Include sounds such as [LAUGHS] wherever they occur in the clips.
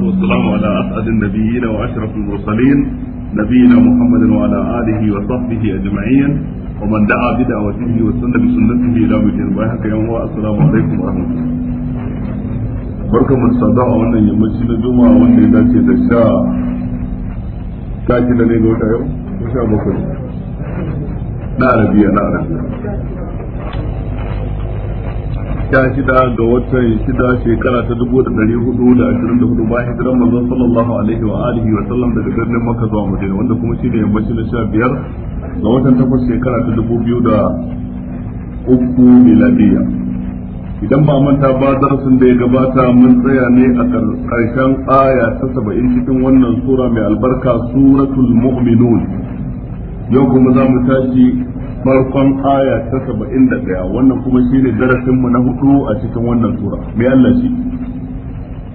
والسلام على أسعد النبيين وأشرف المرسلين نبينا محمد وعلى آله وصحبه أجمعين ومن دعا بدعوته وسن بسنته إلى مدين باهك يوم السلام عليكم ورحمة الله barkan mun sada a wannan yammaci na juma'a wanda ya dace da sha sha shida ne ga wata yau ko sha bakwai na arabiya na arabiya sha shida ga watan shida shekara ta dubu da dari hudu da ashirin da hudu bayan hijiran manzon sallallahu alaihi wa alihi wa sallam daga birnin maka zuwa madina wanda kuma shi ne yammacin na sha biyar ga watan takwas shekara ta dubu biyu da uku miladiya idan ba manta ba darasin da ya gabata mun tsaya ne a ƙarshen aya ta saba'in cikin wannan sura mai albarka suratul mu'minun yau kuma za mu tashi farkon aya ta saba'in da ɗaya wannan kuma shi ne darasinmu na hudu a cikin wannan tura mai Allah shi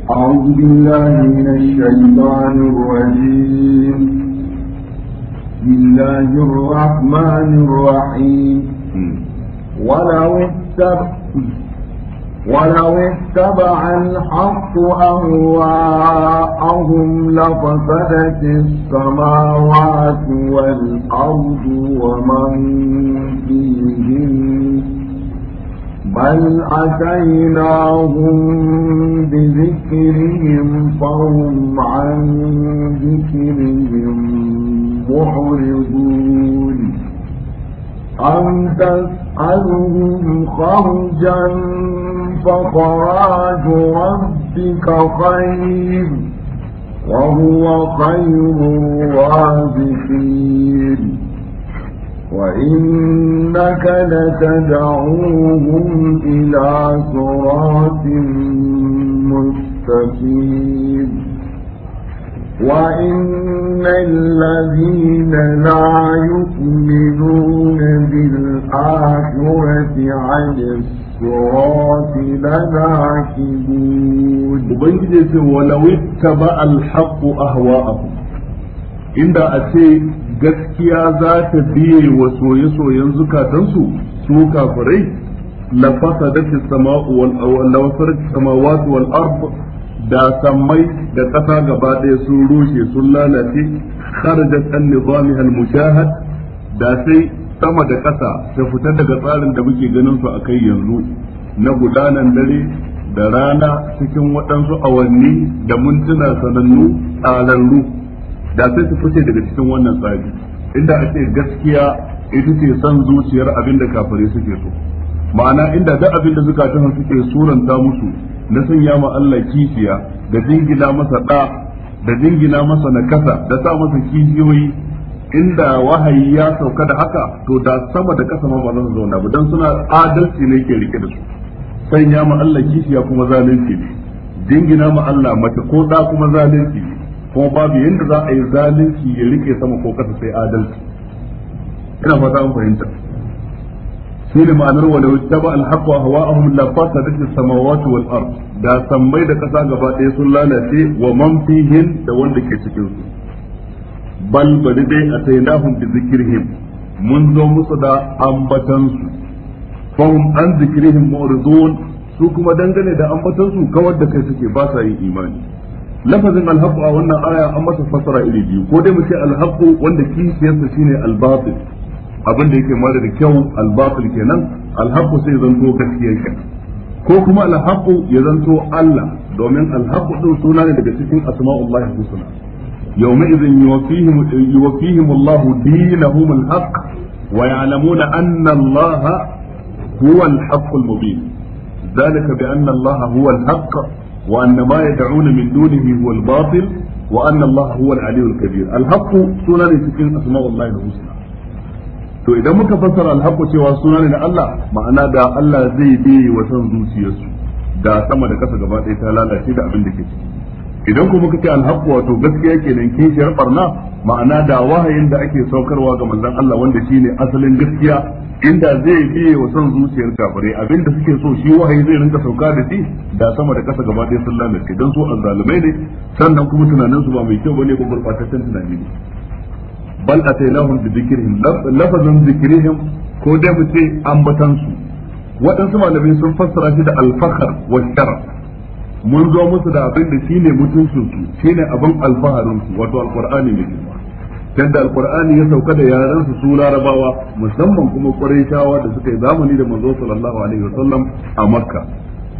أعوذ بالله من الشيطان الرجيم بسم الله الرحمن الرحيم ولو اتبعت ولو اتبع الحق أهواءهم لفسدت السماوات والأرض ومن فيهن بل أتيناهم بذكرهم فهم عن ذكرهم محرضون أم تسألون عنهم خرجا فخراج ربك خير وهو خير الرازقين وإنك لتدعوهم إلى صراط مستقيم وَإِنَّ الَّذِينَ لَا يُؤْمِنُونَ بِالْآخِرَةِ عَنِ الصِّرَاطِ لَنَاكِبُونَ وبيجز ولو اتبع الحق أهواءهم إن دا أتي جسكيا ذات بي وسو ينزكا تنسو سوكا فري لفتدت السماء السماوات والأرض da sammai da ƙasa gaba ɗaya sun rushe sun lalace kharajat an ɗan al-mushahad da sai sama da ƙasa ta fita daga tsarin da muke ganin su akai yanzu na gudanan dare da rana cikin waɗansu awanni da mintuna sanannu tsararru da sai su fice daga cikin wannan tsari inda ake gaskiya ita ce son zuciyar abin da kafare suke so ma'ana inda duk abin da suka tafi suke suranta musu na sanya ma Allah kishiya da jingina masa da da jingina masa nakasa da sa masa kishiyoyi inda wahayi ya sauka da haka to da sama da kasa ma ba zan zauna ba dan suna adalci ne ke rike da su sanya ma Allah kishiya kuma zalunci ne jingina ma Allah mace ko da kuma zalunci ne kuma babu yanda za a yi zalunci ya rike sama ko kasa sai adalci ina fata an fahimta shine ma'anar wa law taba al-haqqu a la fasadat as-samawati wal ard da sammai da kasa gaba ɗaya sun lalace wa man fihin da wanda ke cikin su bal bari dai mun zo su su kuma dangane da ambatan su kawar da kai suke ba sa yin imani lafazin al a wannan aya an masa fasara iri biyu ko dai mu ce al wanda kishiyarsa shine al abin da yake mara da kyau albatil kenan alhaqu sai zanto gaskiya kenan ko kuma alhaqu ya zanto Allah domin alhaqu din suna ne daga cikin asma'ullahi husna yawma idhin yuwaffihim yuwaffihim Allahu dinahum alhaq wa ya'lamuna anna Allah huwa alhaq almubin ذلك بأن الله هو الحق وأن ما يدعون من دونه هو wa وأن الله هو العلي الكبير الحق سنة في أسماء الله الحسنى to idan muka fassara alhaqu cewa suna ne na Allah ma'ana da Allah zai bi wa san zuciyarsu da sama da kasa gaba ɗaya ta lalace da abin da ke ciki idan kuma muka ce alhaqu wato gaskiya kenan kishiyar barna ma'ana da wahayin da ake saukarwa ga manzon Allah wanda shine asalin gaskiya inda zai biye wa son zuciyar kafare abin da suke so shi wahayi zai rinka sauka da shi da sama da kasa gaba ɗaya sun lalace don su azzalumai ne sannan kuma tunaninsu ba mai kyau bane ko gurɓataccen tunani ne bal atainahum bi dhikrihim lafazin dhikrihim ko dai mu ce ambatan waɗansu malamai sun fassara shi da alfahar wa sharaf mun zo musu da abin da shine mutuncin su shine abin alfaharin su wato alqur'ani ne dan da alqur'ani ya sauka da yaran su su larabawa musamman kuma quraishawa da suka yi zamani da manzo sallallahu alaihi wasallam a makka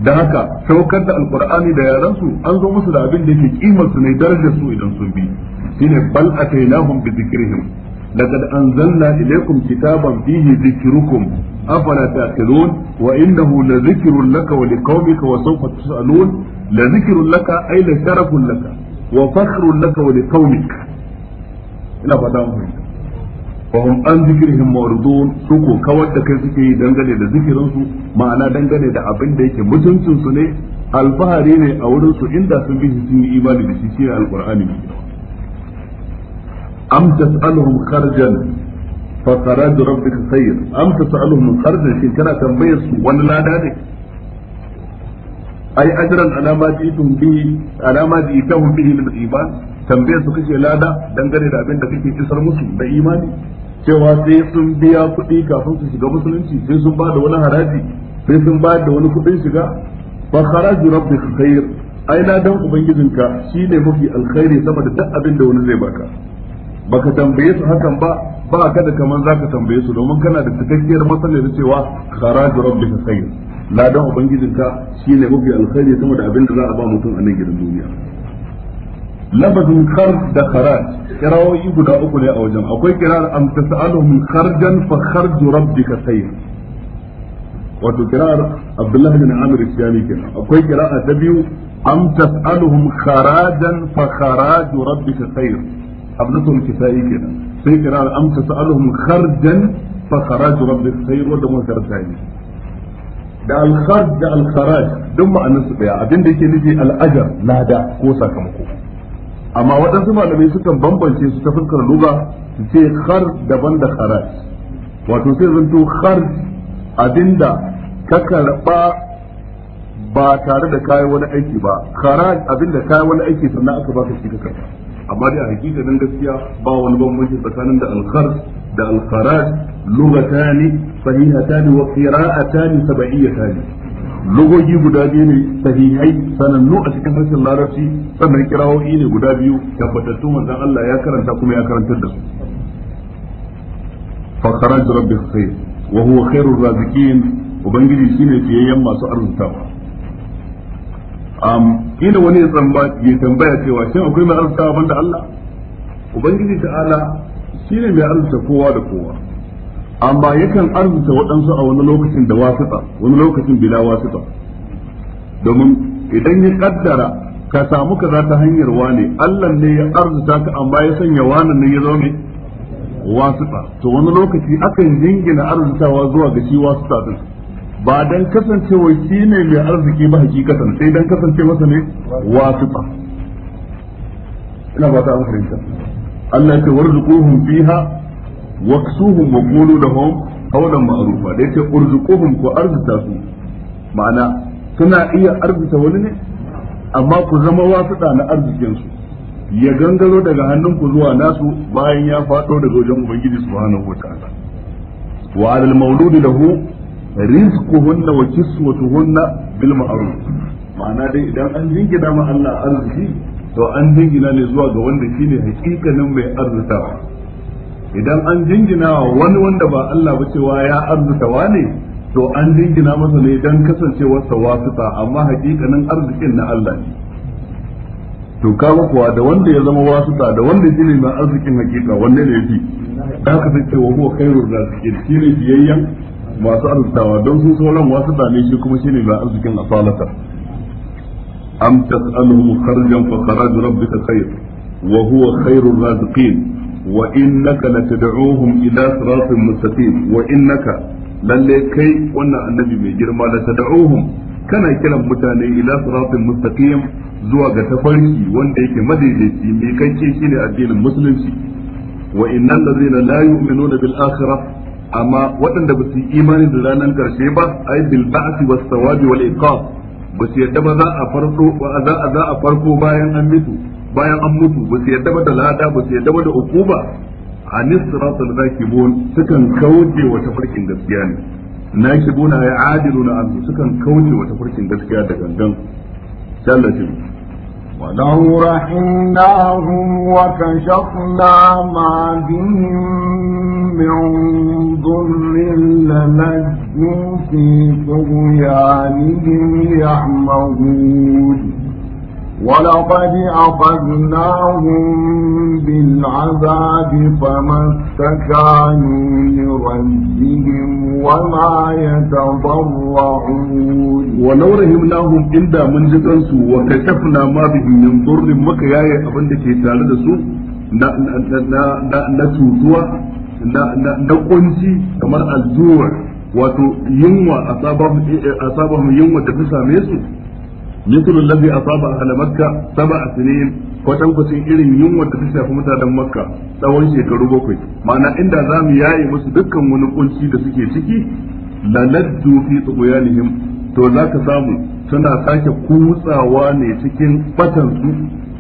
da haka saukar da Alƙur'ani da yaran su an zo musu da abin da yake kimar su ne darajar su idan sun bi shine bal atainahum bi dhikrihim لقد أنزلنا إليكم كتابا فيه ذكركم أفلا تأكلون وإنه لذكر لك ولقومك وسوف la لذكر laka أي لشرف لك وفخر لك ولقومك إلى فدامه fahim an zikirihim mawardun su ko kawar da kai suke yi dangane da zikirinsu ma'ana dangane da abin da yake mutuncinsu ne alfahari ne a wurin su inda sun bi sun yi imani da shi shi alqur'ani ne am tas'aluhum kharjan fa kharaj rabbika khayr am tas'aluhum kharjan shi tambayar su wani lada ne ai ajran alama jitum bi alama jitahum bi min iman tambaye su kake lada dangane da abin da kake isar musu da imani cewa sai sun biya kuɗi kafin su shiga musulunci sai sun ba da wani haraji sai sun ba da wani kuɗin shiga fa kharaju rabbika khair ai na ubangijinka shine mafi alkhairi saboda duk abin da wani zai baka baka tambaye su hakan ba ba ka da kaman zaka tambaye su domin kana da cikakkiyar matsalar cewa kharaju rabbika khayr ladan ubangijinka shine mafi alkhairi sama da abin da za a ba mutum a nan gidan duniya lafazin khar da kharaj kirawoyi guda uku ne a wajen akwai kirar am tasaluhum kharjan fa kharju rabbika khayr wato kirar abdullahi bin amir isyami kenan akwai kira'a ta biyu am tasaluhum kharajan fa kharaju rabbika khayr abdukum kisa'i kenan sai kirar am tasaluhum kharjan fa kharaj rabbik khayr wa dama kartani da al-kharj da al-kharaj duk ma'anar su daya abin da yake nufi al-ajr lada ko sakamako amma waɗansu malamai sukan bambance su ta fuskar lugha su ce khar daban da kharaj wato sai zanto kharj abinda ka karba ba tare da kayan wani aiki ba kharaj abinda kayan wani aiki sannan aka baka shi ka karba amma dai a hakikanin gaskiya ba wani bambanci tsakanin da alkhar da alkharat lugatani sahihatani wa qira'atani sab'iyatani lugogi guda biyu ne sahihai sanannu a cikin harshen larabci sannan kirawoyi ne guda biyu tabbatattu manzon Allah ya karanta kuma ya karantar da su fa kharaj rabbi khair wa huwa khairur raziqin ubangiji shine fiyayyen masu arzikawa. kila wani ya ya tambaya cewa shi akwai mai arzuta banda Allah ubangiji ta'ala shi ne mai arzuta kowa da kowa amma yakan arzuta waɗansu a wani lokacin da wasuta wani lokacin bila wasuta domin idan ya kaddara ka samu kaza ta hanyar wane Allah ne ya arzuta ka amma ya sanya wani ne ya zama mai wasuta to wani lokaci akan jingina arzutawa zuwa ga shi wasuta din ba dan kasancewa shi ne mai arziki ba hakikatan sai dan kasance masa ne wasita ina ba ta an fahimta Allah ya warzuquhum fiha waksuhum wa qulu lahum qawlan ma'rufa dai ce urzuquhum ko arzuta su ma'ana suna iya arzuta wani ne amma ku zama wasita na arzikin su ya gangaro daga hannunku zuwa nasu bayan ya fado daga wajen ubangiji subhanahu wa ta'ala wa al mawludi lahu rizquhunna wa kiswatuhunna bil ma'ruf ma'ana dai idan an jingina ma Allah arziki to an jingina ne zuwa ga wanda shine hakikanin mai arzuta idan an jingina wani wanda ba Allah ba cewa ya arzutawa ne to an jingina masa ne dan kasancewarsa wasuta amma hakikanin arzikin na Allah ne to kaga kuwa da wanda ya zama wasuta da wanda shine mai arzikin hakika wanne ne yafi da haka cewa huwa khairur raziqin shine biyayyan masu arzikawa don su sauran wasu dane shi kuma shine mai arzikin asalata am tas'aluhum kharjan fa kharaj rabbika khair wa huwa khairur raziqin wa innaka latad'uhum ila siratin mustaqim wa innaka lalle kai wannan annabi mai girma la tad'uhum kana kiran mutane ila siratin mustaqim zuwa ga tafarki wanda yake madaidaici mai kanke shine addinin musulunci wa innal ladzina la yu'minuna bil akhirah amma waɗanda ba su yi imani da ranar ƙarshe ba ai bil ba'si was sawabi wal iqab ba su yadda ba za a farko za a za a farko bayan an mutu bayan an mutu ba su yadda ba da lada ba su yadda ba da ukuba anis siratal zakibun sukan kauce wata farkin gaskiya ne na shi nakibuna ya adiluna an sukan kauce wata farkin gaskiya da gangan sallallahu alaihi ولو رحمناهم وكشفنا ما بهم من ضر للجوا في طغيانهم يعمهون ولقد أخذناهم بالعذاب فما استكانوا لربهم وما يتضرعون ولو رحمناهم إلا من جدنسوا وكشفنا ما بهم من ضر مكياي أبنك يتعلد na tutuwa na kunci kamar azuwa wato yunwa ينوى sabon yunwa da ta مثل الذي أصاب أهل مكة سبع سنين kwatankwacin irin yunwa da ta shafi mutanen makka tsawon shekaru bakwai ma'ana inda za mu yaye musu dukkan wani kunci da suke ciki laladdu fi tsuguyanihim to za ka samu suna sake kutsawa ne cikin batansu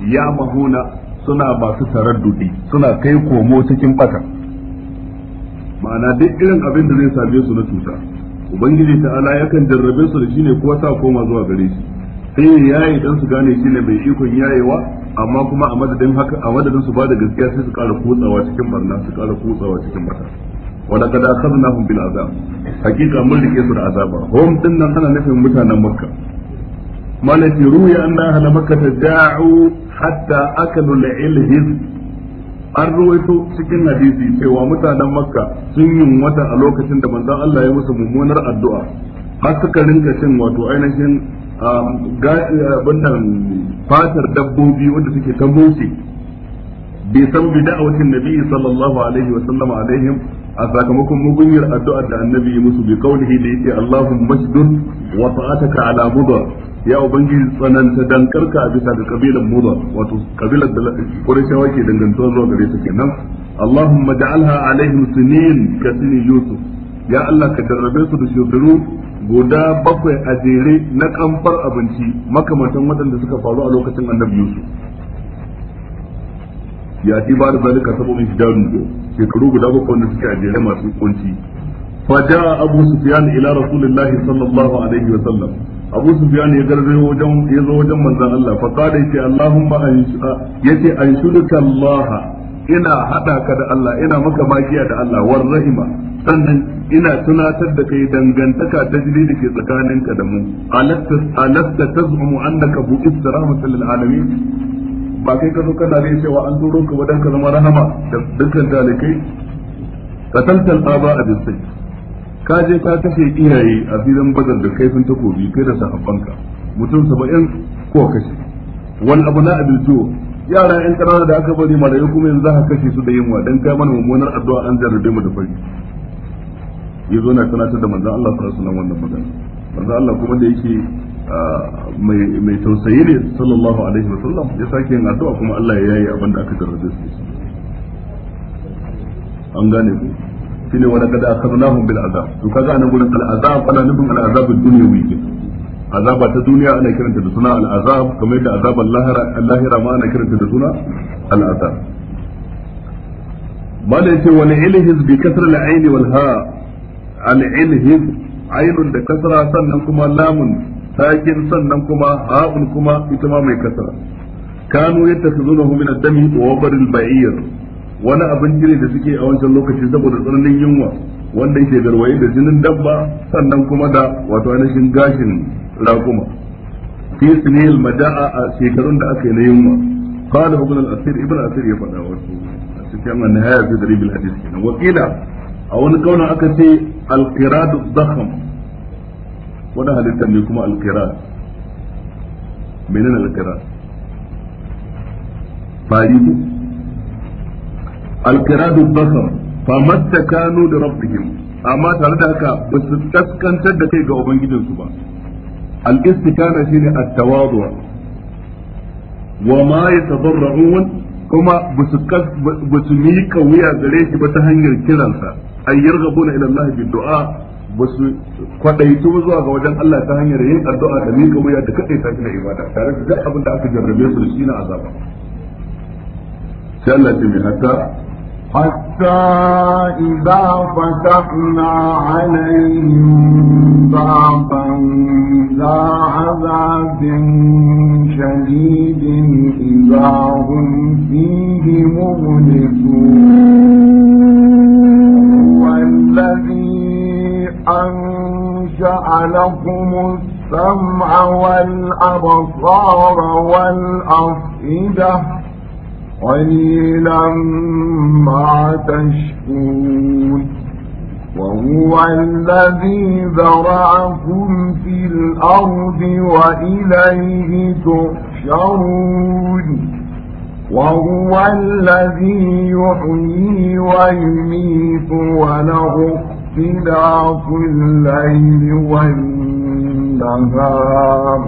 ya mahuna suna masu taraddudi suna kai komo cikin batan ma'ana duk irin abin da zai same su na cuta ubangiji ta'ala yakan jarrabe su da shine ko sa koma zuwa gare shi sai ya yaye dan su gane shi ne mai kun yayewa amma kuma a madadin haka a madadin su ba da gaskiya sai su ƙara kutsawa cikin barna su ƙara kutsawa cikin bata wala kada akhadnahum bil azab hakika mun rike su da azaba hom din nan ana nufin mutanen makka malati ruya anna ahla makka tad'u hatta akalu al-ilhiz an ruwaito cikin hadisi cewa mutanen makka sun yi wata a lokacin da manzon Allah ya musu mummunar addu'a har suka rinka cin wato ainihin wannan fatar dabbobi wanda suke ta motsi bai san bi da'awatin nabi sallallahu alaihi wa sallam alaihim a sakamakon mugunyar addu'ar da annabi musu bi kaulihi da yake allahu mashdud wa ta'ataka ala mudar ya ubangiji tsananta dankarka a bisa ga kabilan mudar wato kabilar da qurayshawa ke dangantuwa zuwa gare su kenan Allahumma ja'alha alaihim sinin ka yusuf ya Allah ka jarrabe su da shekaru guda bakwai a jere na kamfar abinci makamantan waɗanda suka faru a lokacin annabi Yusuf ya ci ba da zalika sabo min shidan ko shekaru guda bakwai wanda suke a jere masu kunci fa jaa abu sufyan ila rasulillah sallallahu alaihi wa sallam abu sufyan ya garzo wajen ya zo wajen manzan Allah fa qala ce allahumma ayyuka yake ayyuka allah ina haɗa ka da Allah ina maka magiya da Allah war rahima sannan ina tunatar da kai dangantaka ta jini da ke tsakaninka da mu alasta tazumu annaka bu'ista rahmatan lil alamin ba kai ka zo kana ne cewa an turo ka wadan ka zama rahama da dukkan talikai ka tantal aba a bisai ka je ka kashe iyaye a filin bazar da kaifin takobi kai da sahabbanka mutum saba'in ko kashe wal abna abil jo yara yan kanana da aka bari marayu kuma yanzu za kashe su da yunwa dan kai mana mummunar addu'a an jarrabe mu da fari zo na tunatar da manzon Allah sallallahu alaihi wasallam wannan magana manzon Allah kuma da yake mai tausayi ne sallallahu alaihi wasallam ya sake yin addu'a kuma Allah ya yayi abin da aka jarrabe su an gane ku shine wa laqad akhadnahum bil azab to kaga anan gurin al azab ana nufin al azab ad-dunyawi azaba ta duniya ana kiranta da suna al'azab kamar yadda azaban lahira ma ana kiranta da suna al'azab bala yace wani ilhiz bi kasar al-ayn wal ha al ainun da kasara sannan kuma lamun sakin sannan kuma ha'un kuma ita ma mai kasra kanu yattakhizunahu min ad-dami wa wabaril ba'ir wani abin jire da suke a wancan lokaci saboda tsananin yunwa wanda yake garwaye da jinin dabba sannan kuma da wato ainihin gashin raguma fi sinil mada'a a shekarun da aka yi na yunwa qala ibn al-asir ibn asir ya wasu a cikin an fi hadith kenan a wani kauna aka ce al-qirad ne kuma al-qirad menene al-qirad fari al-qirad kanu rabbihim amma tare da haka ba su da kai ga ubangijinsu ba al-istikana shine at-tawadu wa ma yatadarrun kuma ba su mika wuya gare shi ba ta hanyar kiransa ay yarghabuna ila Allah bi du'a zuwa ga wajen Allah ta hanyar yin addu'a da mika wuya da kadai ta da ibada tare da duk abin da aka jarrabe su shi na azaba حتى إذا فتحنا عليهم بابا لا عذاب شديد إذا هم فيه مبلسون والذي أنشأ لكم السمع والأبصار والأفئدة قليلا ما تشكون وهو الذي ذرعكم في الأرض وإليه تحشرون وهو الذي يحيي ويميت وله اختلاف الليل والنهار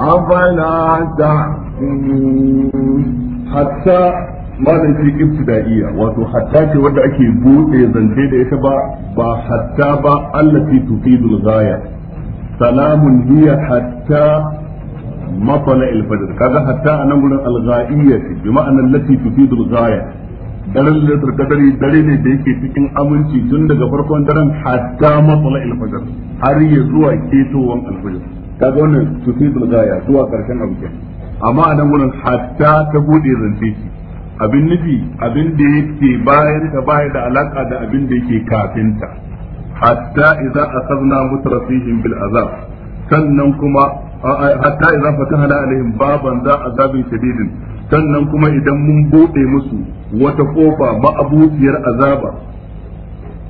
أفلا تعقلون hatta malam ce ibtida'iyya wato hatta ce wanda ake buɗe zance da ita ba ba hatta ba Allah allati tufidul ghaya salamun hiya hatta mafala al-fajr kaga hatta anan gurin al-ghaiyya bi ma'ana allati tufidul ghaya daren da qadari dare ne da yake cikin aminci tun daga farkon daren hatta mafala al har ya zuwa ketowar al-fajr kaga wannan tufidul ghaya zuwa karshen abu kenan amma a nan wurin hatta ta bude zance shi abin nufi abin da yake bayan ta baya da alaka da abin da yake Hatta ta hatta sabna akhadna mutrafihim bil azab sannan kuma hatta idza fatahna alaihim baban za azabin shadidin sannan kuma idan mun bude musu wata kofa ma'abuciyar azaba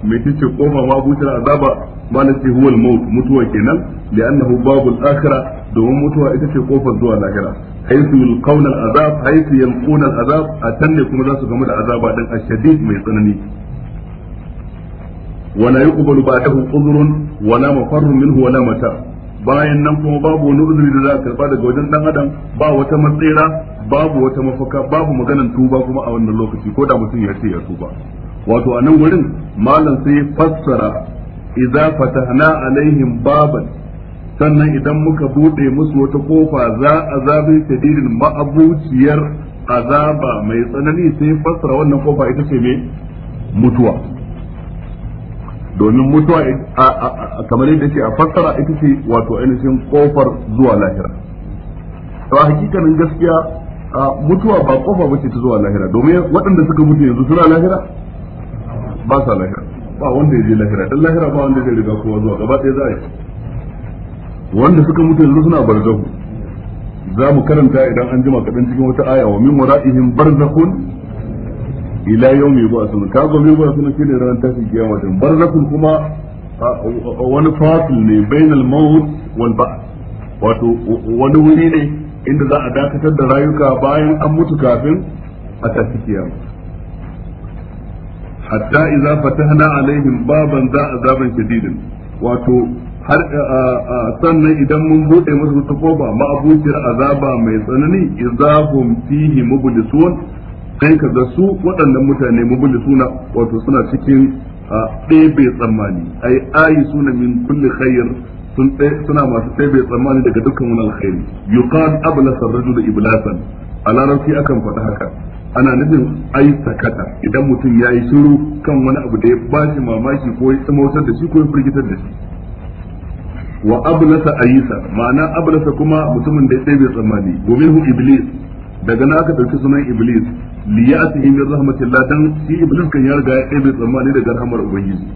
mai tace kofa ma'abuciyar azaba ma na ce huwal maut mutuwa kenan li'annahu babul akhirah domin mutuwa ita ce kofar zuwa lahira haisu yulqawna al'azab haisu yulqawna al'azab atan ne kuma za su gamu da azaba din ashadid mai tsanani wala yuqbalu ba'dahu udhrun wala mafarrun minhu wala mata bayan nan kuma babu wani uzuri da za a karba daga wajen dan adam ba wata matsira babu wata mafaka babu maganan tuba kuma a wannan lokaci ko da mutum ya ce ya tuba wato a nan wurin malam sai fassara idza fatahna alaihim baban sannan idan muka buɗe musu wata kofa za a zabi shadidin ma'abuciyar azaba mai tsanani sai fassara wannan kofa ita ce mai mutuwa domin mutuwa kamar yadda ce a fassara ita ce wato ainihin kofar zuwa lahira to a hakikanin gaskiya mutuwa ba kofa ba ce ta zuwa lahira domin waɗanda suka mutu yanzu suna lahira ba sa lahira ba wanda ya je lahira ɗan lahira ba wanda zai riga kowa zuwa gaba ɗaya za a yi wanda suka mutu yanzu suna barzahu za mu karanta idan an jima kaɗan cikin wata aya wa min wara'ihim barzakhun ila yau mai yawmi yub'athun ka ga mai yub'athun shine ranar tashin kiyama din barzakhun kuma wani fasil ne bainal maut wal ba'th wato wani wuri ne inda za a dakatar da rayuka bayan an mutu kafin a tashi kiyama hatta idza fatahna alaihim baban za azaban shadidin wato har sannan idan mun bude musu ta koba ma'abuciyar azaba mai tsanani izahum fihi mubulisun sai ka ga su waɗannan mutane mublisuna wato suna cikin ɗebe tsammani ai ayi suna min kulli khair sun suna masu ɗebe tsammani daga dukkan wani alkhairi yuqal ablasa rajulu iblasan a larabci akan faɗi haka ana nufin ai sakata idan mutum ya yi shiru kan wani abu da ya bashi mamaki ko ya tsamautar da shi ko ya firgitar da shi wa ablasa ayisa ma'ana ablasa kuma mutumin da ya tsaye tsammani gomehu iblis daga na aka ɗauki sunan iblis li ya asihi min rahmatillah dan shi iblis kan ya riga ya tsaye tsammani daga rahmar ubangiji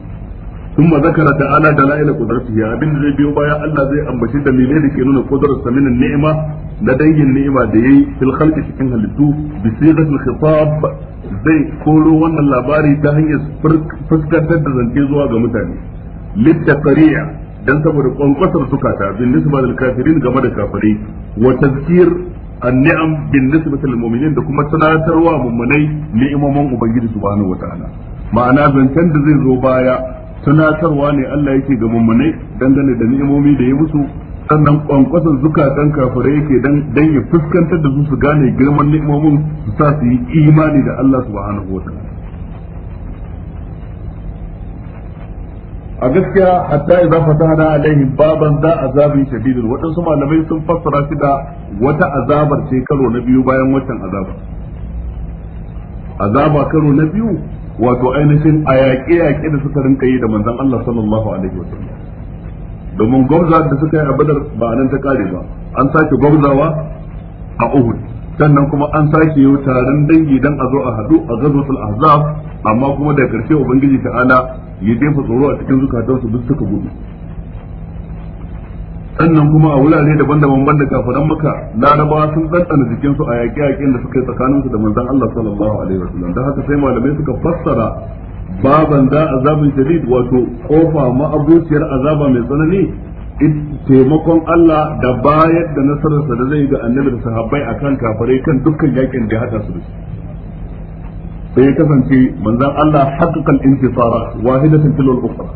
ثم ala تعالى دلائل قدرته abin da zai biyo baya Allah zai ambaci dalilai da ke nuna qudratsa min ni'ima na dangin ni'ima da yayi fil khalqi cikin halittu bi sigatil khitab zai koro wannan labari ta hanyar fuskantar da zance zuwa ga mutane littaqri'a dan saboda kwankwasar ta bin nisba lil kafirin game da kafirai wa tazkir an-ni'am bin nisba lil mu'minin da kuma tunatarwa mummunai ni'imomin ubangiji subhanahu wataala ma'ana zancen da zai zo baya tunatarwa ne Allah yake ga mummunai dangane da ni'imomi da ya musu sannan kwankwasar zukatan kafirai yake dan ya fuskantar da su su gane girman ni'imomin su sa su yi imani da Allah subhanahu wataala a gaskiya hatta idza fatahna alaihim baban da azabin shadidun wadansu malamai sun fassara shi da wata azabar ce karo na biyu bayan wancan azaba azaba karo na biyu wato ainihin ayaki yaƙe da suka rinka yi da manzon Allah sallallahu alaihi wasallam domin gwamza da suka yi a badar ba nan ta kare ba an sake gwamzawa a Uhud sannan kuma an sake yau taron dangi dan a zo a hadu a gazo sul ahzab amma kuma da karshe ubangiji ta'ala ya jefa tsoro a cikin zukatansu duk suka gudu sannan kuma a wurare daban-daban banda kafiran maka ba sun tsantsana jikin su a yaƙe-yaƙen da suka yi tsakanin su da manzon Allah sallallahu alaihi wasallam dan haka sai malamai suka fassara baban da azabin shadid wato kofa ma'abuciyar azaba mai tsanani taimakon Allah da bayar da nasararsa da zai ga annabi da sahabbai akan kafirai kan dukkan yakin da ya hada su sai ya kasance manzon Allah haqqaqal intisara wahidatan tilal ukhra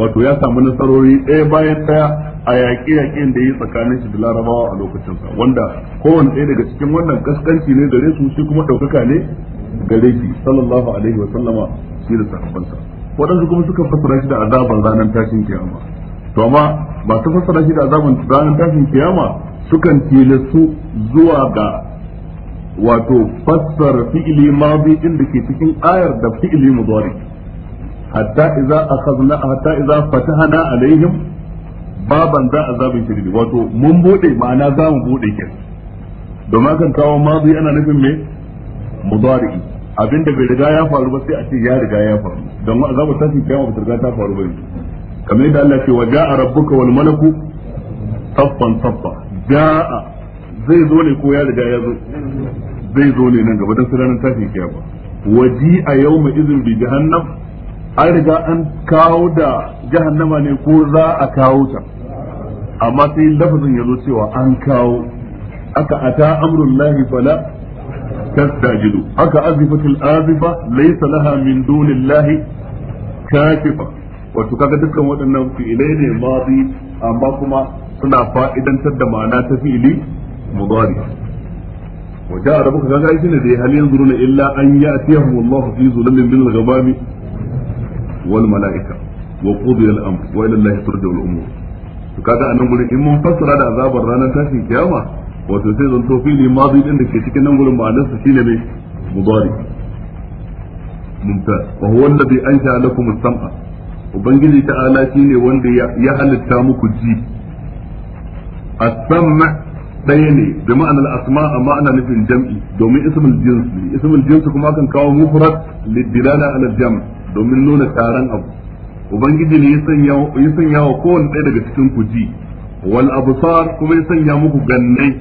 wato ya samu nasarori ɗaya bayan ɗaya a yaƙi-yaƙin da yi tsakanin shi da larabawa a lokacin sa wanda kowanne ɗaya daga cikin wannan kaskanci ne gare su shi kuma ɗaukaka ne gare shi sallallahu alaihi wa sallama shi da sahabbansa waɗansu kuma suka fassara shi da azaban ranar tashin kiyama to amma ba ta fassara shi da azabin ranar tashin kiyama sukan tilasu zuwa ga wato fassara fi'ili madi din da ke cikin ayar da fi'ili mudari hatta idza akhadna hatta idza fatahna alaihim baban da azabin shadidi wato mun bude ma'ana za mu bude ke domin kan kawo madi ana nufin me mudari abinda bai riga ya faru ba sai a ce ya riga ya faru don azabin tashin kiyama ba ta riga ta faru ba kamar yadda Allah ke wa ja'a rabbuka wal malaku saffan saffa ja'a zai zo ne ko ya riga ya zo zai zo ne nan gaba dan ranar ke kiyama waji a mai izin bi jahannam an riga an kawo da jahannama ne ko za a kawo ta amma sai lafazin ya zo cewa an kawo aka ata amrullahi fala tastajidu aka azifatul azifa laysa laha min dunillahi kafifa wato kaga dukkan waɗannan fi'ilai ne madi amma kuma suna fa'idantar da ma'ana ta fi'ili mudari wa ja'a rabbuka kaga ai ne da hal yanzuruna illa an ya'tiyahum Allahu fi zulumin bil ghamami wal mala'ika wa qudiya al amr wa ila Allahi turja al umur to kaga anan gurin in mun fassara da azabar ranar tashin kiyama wato sai zan to fi'ili madi din da ke cikin nan gurin ma'anarsa shine ne mudari ممتاز وهو الذي أنشأ لكم sam'a. ubangiji ta'ala ne wanda ya halitta muku ji as-sam' ɗaya ne da ma'anar asma amma ana nufin jam'i domin ismul jins ne ismul jins kuma kan kawo mufrad lidilala ala jam' domin nuna taron abu ubangiji ne ya sanya wa kowanne ɗaya daga cikin ku ji wal absar kuma ya sanya muku gannai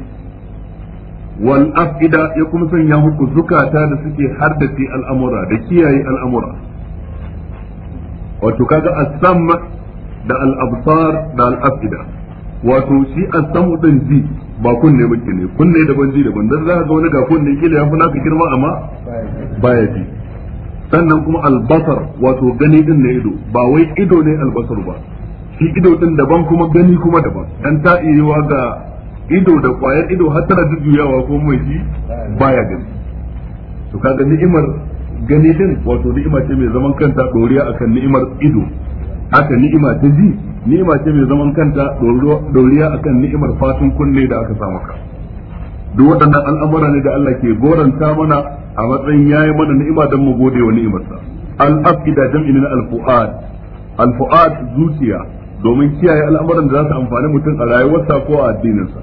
wal afida ya kuma sanya muku zukata da suke haddace al'amura da kiyaye al'amura wato kaga as-sam da al-absar da al-afida wato shi as-sam din ji ba kunne muke ne kunne daban ji daban dan zaka ga wani ga kunne kila yafi naka girma amma baya ji sannan kuma al-basar wato gani din ne ido ba wai ido ne al-basar ba shi ido din daban kuma gani kuma daban dan ta iya ga ido da kwayar ido har tana jujjuyawa ko mai shi baya gani to kaga ni'imar gani din wato ni'ima ce mai zaman kanta doriya akan ni'imar ido haka ni'ima ta ji ni'ima ce mai zaman kanta doriya akan ni'imar fatun kunne da aka sa maka duk waɗannan al'amura ne da Allah ke goranta mana a matsayin yayi mana ni'ima don mu gode wa ni'imarsa al-afida jam'in al-fu'ad al-fu'ad zuciya domin kiyaye al'amuran da za su amfani mutum a rayuwarsa ko a addininsa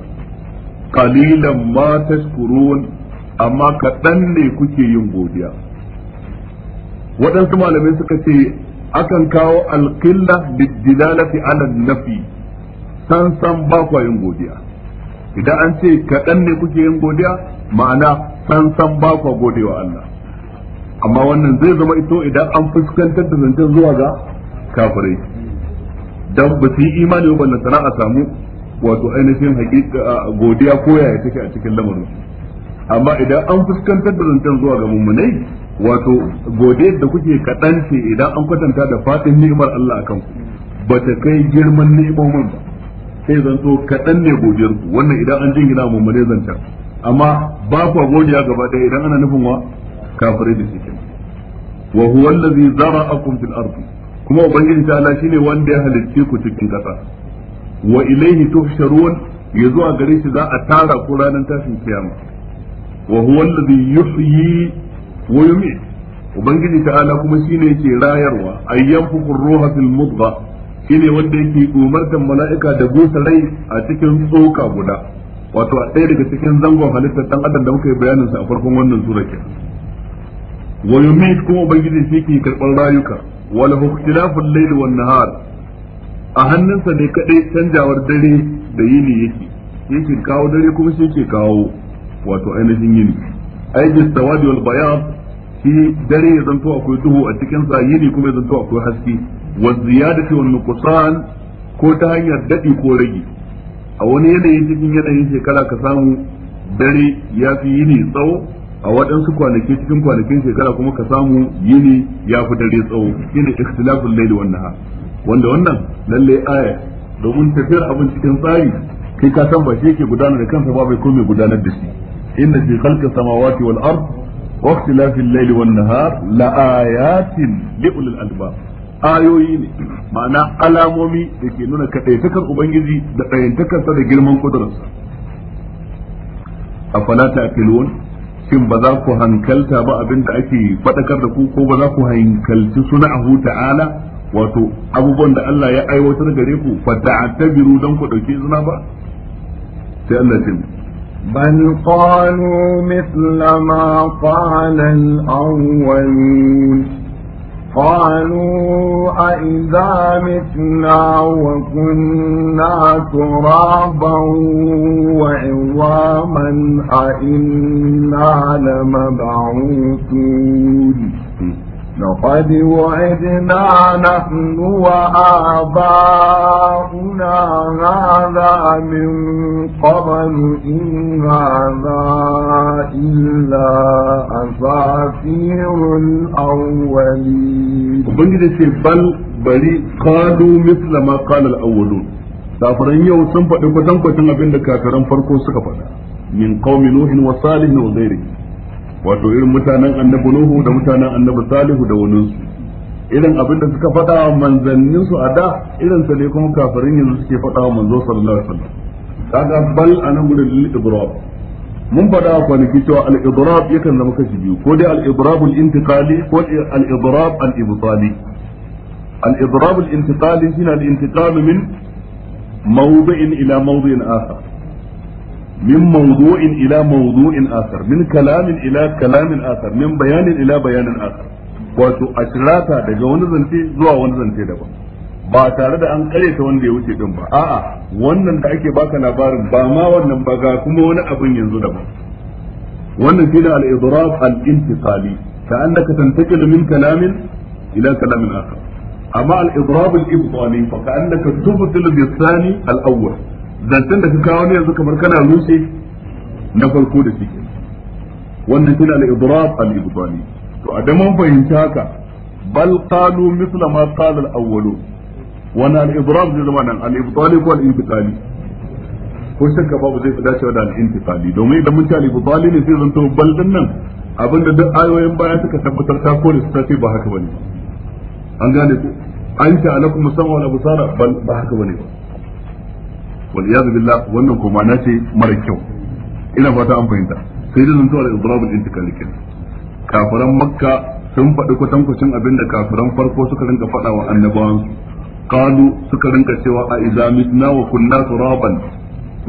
qalilan ma tashkurun amma kaɗan ne kuke yin godiya waɗansu malamai suka ce akan kawo alƙilla bidilalati ala nafi san san ba kwa yin godiya idan an ce kaɗan ne kuke yin godiya ma'ana san san ba kwa gode wa Allah amma wannan zai zama ito idan an fuskantar da zancen zuwa ga kafirai dan ba su yi imani ba na sana'a samu wato ainihin hakika godiya ko yaya take a cikin lamarin amma idan an fuskantar da zancen zuwa ga mummunai wato gode da kuke kaɗan ce idan an kwatanta da fatin ni'imar Allah a ku ba ta kai girman ni'imomin ba sai zan so kaɗan ne godiyar ku wannan idan an jin gina mummune zanta amma ba ku godiya gaba ɗaya idan ana nufin wa kafirai da cikin wa huwa allazi zara'akum fil ardi kuma ubangiji ta Allah shine wanda ya halicce ku cikin ƙasa wa ilaihi tuhsharun yazo a gare shi za a tara ku ranar tashin kiyama wa huwa allazi yuhyi wa yumit ubangiji ta'ala kuma shine yake rayarwa ayyan fukur ruha fil mudgha shine wanda yake umartan mala'ika da busa rai a cikin tsoka guda wato a ɗaya daga cikin zangon halittar dan adam da muka yi bayanin sa a farkon wannan sura ke wa kuma ubangiji shi yake karɓar rayuka wa lahu ikhtilaful layli wan nahar a hannunsa ne kadai canjawar dare da yini yake yake kawo dare kuma shi yake kawo wato ainihin yini ayyul sawadi wal bayad shi dare ya zanto akwai duhu a cikin sa yini kuma ya zanto akwai haske wa ziyadati wa nuqsan ko ta hanyar dadi ko rage a wani yanayi cikin yanayin shekara ka samu dare ya fi yini tsawo a waɗansu kwanaki cikin kwanakin shekara kuma ka samu yini ya fi dare tsawo shine ikhtilaful layli wan nahar wanda wannan lalle aya domin tafiyar abin cikin tsari kai ka san ba shi yake gudanar da kansa ba bai komai gudanar da shi inna fi khalqi samawati wal ard واختلاف الليل والنهار لآيات لأولي الألباب ayoyi ne ma'ana alamomi da ke nuna kaɗaitakar ubangiji da ɗayantakarsa da girman kudurarsa a falata filon shin ba za ku hankalta ba abin da ake faɗakar da ku ko ba za ku hankalci suna ahu ta'ala wato abubuwan da Allah ya aiwatar gare ku fa ta'tabiru dan ku ɗauki suna ba sai Allah ya بل قالوا مثل ما قال الأولون قالوا أئذا متنا وكنا ترابا وعظاما أئنا لمبعوثون لقد وعدنا نحن وآباؤنا هذا من قبل إن هذا إلا أساطير الأولين وبنجد بل bari kalu misla ma qala al-awwalun kafiran yau sun faɗi kwatan kwatan abin da kafiran farko suka faɗa min qaumi nuhin wa salihin wa ghairihi wato irin mutanen annabi nuhu da mutanen annabi salihu da wani irin abin da suka faɗa wa manzannin su a da irin sa ne kuma kafirin yanzu suke faɗa wa manzo sallallahu alaihi wasallam kaga bal anan gudun lil ibrab mun faɗa wa kwanaki cewa al ibrab yakan zama kashi biyu ko dai al ibrab al intiqali ko al ibrab al ibtali al ibrab al intiqali shine al intiqalu min mawdi'in ila mawdi'in akhar min mawdu'in ila mawdu'in akhar min kalamin ila kalamin akhar min bayanin ila bayanin akhar wato a shirata daga wani zance zuwa wani zance daban ba tare da an kare ta wanda ya wuce din ba a'a wannan da ake baka labarin ba ma wannan ba ga kuma wani abin yanzu daban wannan shine al-idrab al-intiqali ka annaka tantaqilu min kalamin ila kalamin akhar amma al-idrab al-ibtali fa ka annaka tubtilu bi al-awwal zancen da ka kawo ne yanzu kamar kana rushe na farko da shi wannan shi ne al-idrab al-ibtani to a da mun fahimci haka bal qalu mithla ma qala al-awwalu wannan al-idrab zai zama nan al-ibtani ko al-ibtani ko shakka babu zai fi dacewa da al-intifali domin idan mun ce al-ibtani ne sai zanto bal din nan abinda duk ayoyin baya suka tabbatar ta kore su ta ce ba haka bane an gane ku an ta alakum musamman al-absara bal ba haka bane ba waliyadu billah wannan ko ma'ana ce mara kyau ina fata an fahimta sai da al da idrabul intikal kin kafiran makka sun faɗi kwatankwacin abin da kafiran farko suka rinka faɗa wa annabawansu kalu suka rinka cewa a idza mitna wa kunna turaban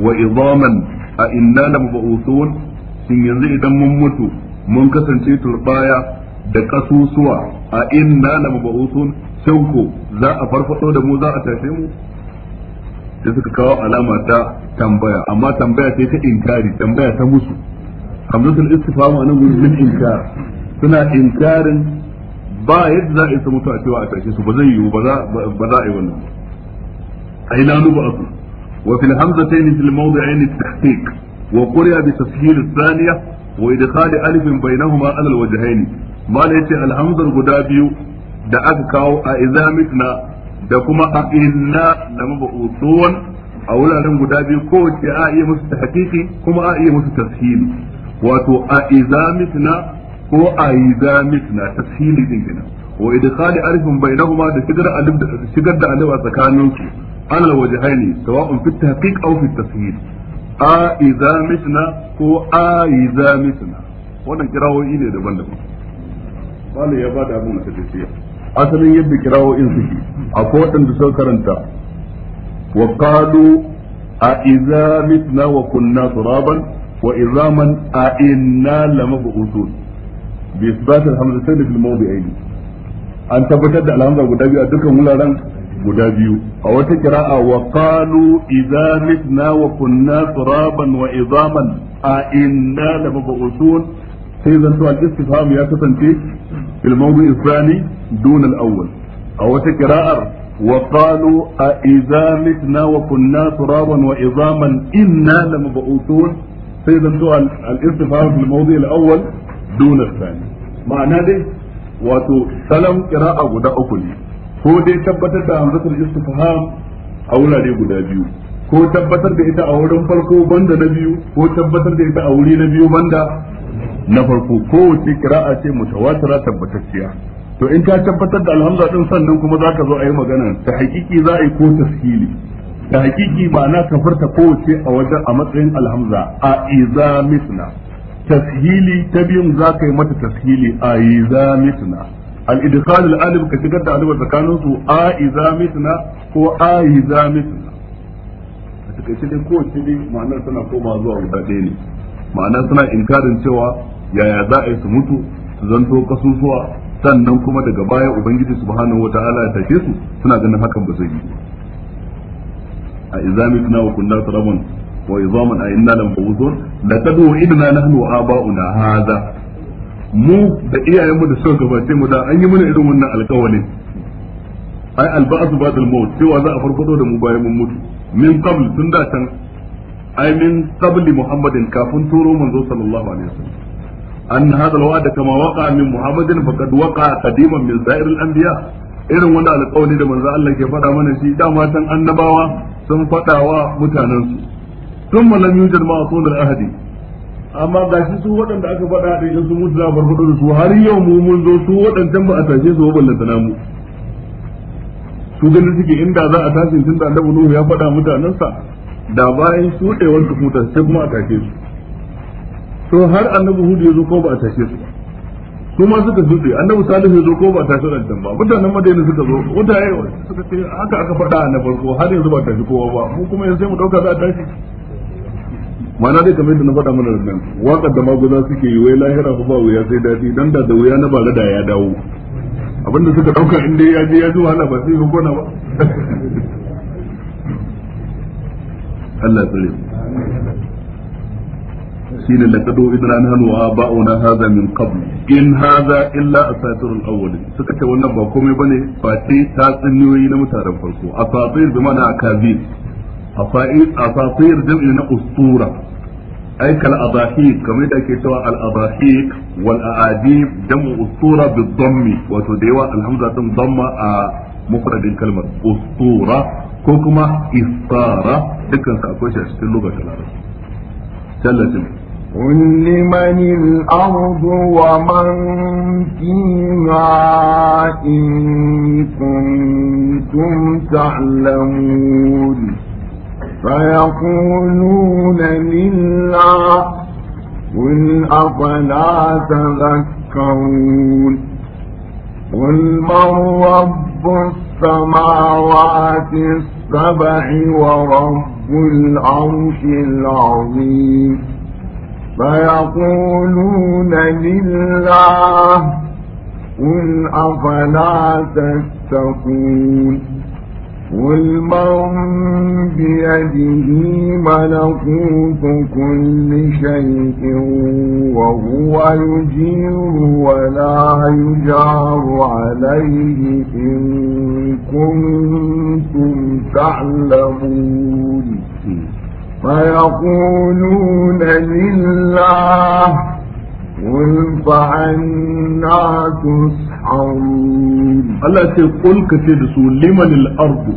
wa idaman a inna lamab'uthun shin yanzu idan mun mutu mun kasance turbaya da kasusuwa a inna lamab'uthun shin ko za a farfado da mu za a tafe mu sai suka kawo alama ta tambaya amma tambaya ce ta inkari tambaya ta musu hamzatul istifham anan gurin min inkar suna inkarin ba yadda za a yi su mutu a cewa a tashi su ba zai yiwu ba za a yi wannan ai la nubu asu wa fil hamzatayn fil mawdi'ayn at-tahqiq wa quriya bi tashhir ath-thaniya wa idkhal alif bainahuma ala al-wajhayn ma la yati al-hamzar guda biyu da aka kawo a idza mitna da kuma a inna da mabu'usuwan a wuraren guda biyu kowace a iya musu ta hakiki kuma a iya musu tafsiri wato a izamitna ko a izamitna tafsiri din gina wa idkhali arifin bainahuma da shigar alif da shigar da alif a tsakanin su ala wajhaini sawa'un fi tahqiq aw fi tafsir a izamitna ko a izamitna wannan kirawoyi ne daban-daban malam ya bada abin da take asalin yadda kirawo kirawo'in suke akwai waɗanda sun karanta wa qalu a idza mitna wa kunna turaban wa izaman a inna lamab'utun bi isbat alhamdatayn fil mawdi'ain an tabbatar da alhamza guda biyu a dukkan wuraren guda biyu a wata kira'a wa qalu idza mitna wa kunna turaban wa izaman a inna lamab'utun sai zanto al-istifham ya kasance fil mawdu' al-thani dun al-awwal a wata qira'ar wa qalu a idza mitna wa kunna turaban wa idhaman inna lamab'uthun sai zanto al-istifham fil mawdu' al-awwal dun al-thani ma'ana dai wato salam qira'a guda uku ne ko dai tabbatar da hamzatul istifham a wurare guda biyu ko tabbatar da ita a wurin farko banda na biyu ko tabbatar da ita a wuri na biyu banda na farko kowace kira'a ce mutawatira tabbatacciya to in ka tabbatar da alhamza din sannan kuma za ka zo a yi magana ta hakiki za a yi ko tafsili ta hakiki ma'ana ka furta kowace a wajen a matsayin alhamza a iza mitna tafsili ta biyun za ka yi mata tafsili a iza mitna al-idkhal al-alif ka shigar da alif tsakanin su a iza mitna ko a iza mitna a shigar dai kowace dai ma'anar tana koma zuwa guda ɗaya ne ma'anar suna inkarin cewa yaya za a yi su mutu su zanto kasusuwa sannan kuma daga baya ubangiji subhanahu wa wataala ya tashe su suna ganin hakan ba zai yi a izami suna wa kunna turaban wa izaman a inna lam fawzun laqad wa'idna nahnu wa aba'una hadha mu da iyayenmu da suka gabace mu da an yi mana irin wannan alƙawarin ai alba'su ba'd al-maut cewa za a farfado da mu bayan mun mutu min qabl tun da can ai min qabli muhammadin kafin turo manzo sallallahu alaihi wasallam an hada alwa'da kama waqa min muhammadin faqad waqa qadiman min sa'ir anbiya irin wanda alƙawari da banza Allah ke faɗa mana shi dama san annabawa sun faɗa wa mutanensu sun malam yujar ma sunar ahadi amma ga shi su waɗanda aka faɗa da in sun mutu zabar hudu su har yau mu mun zo su waɗancan ba tashe su waballan ta namu su gani suke inda za a tashi tun da annabi Nuhu ya faɗa mutanensa da bayan shuɗewar su mutan sai kuma a tashe su to har annabi hudu ya zo ko ba a tashe su su ma suka zuɗe annabi salihu ya zo ko ba a tashe su ba mutanen madaina suka zo wata suka ce haka aka faɗa na farko har yanzu ba tashi kowa ba mu kuma yanzu sai mu ɗauka za a tashi ma'ana dai kamar yadda na faɗa mana nan waƙar da maguza suke yi wai lahira ko ba wuya sai daɗi dan da da wuya na ba da ya dawo abinda suka ɗauka inda ya je ya ji wahala ba sai ya kona ba [LAUGHS] Allah tsare shine laqad idra nahnu wa ba'una hadha min qabl in hadha illa asatirul awwalin suka ce wannan ba komai bane face ta tsinniyoyi na mutanen farko asatir bi ma'ana akazib asatir jam'i na ustura ay kal adahik kamar da ake cewa al adahik wal aadib jam'u ustura bi dhammi wato da yawa alhamza din dhamma a mufradin ustura ko kuma istara dukkan akwai a cikin lugar قل لمن الأرض ومن فيها إن كنتم تعلمون فيقولون لله قل أفلا تذكرون قل من رب السماوات السبع ورب العرش العظيم فيقولون لله قل أفلا تتقون قل من بيده ملكوت كل شيء وهو يجير ولا يجار عليه إن كنتم تعلمون فيقولون لله قل فعنا تسحرون الله قل كتير لمن الأرض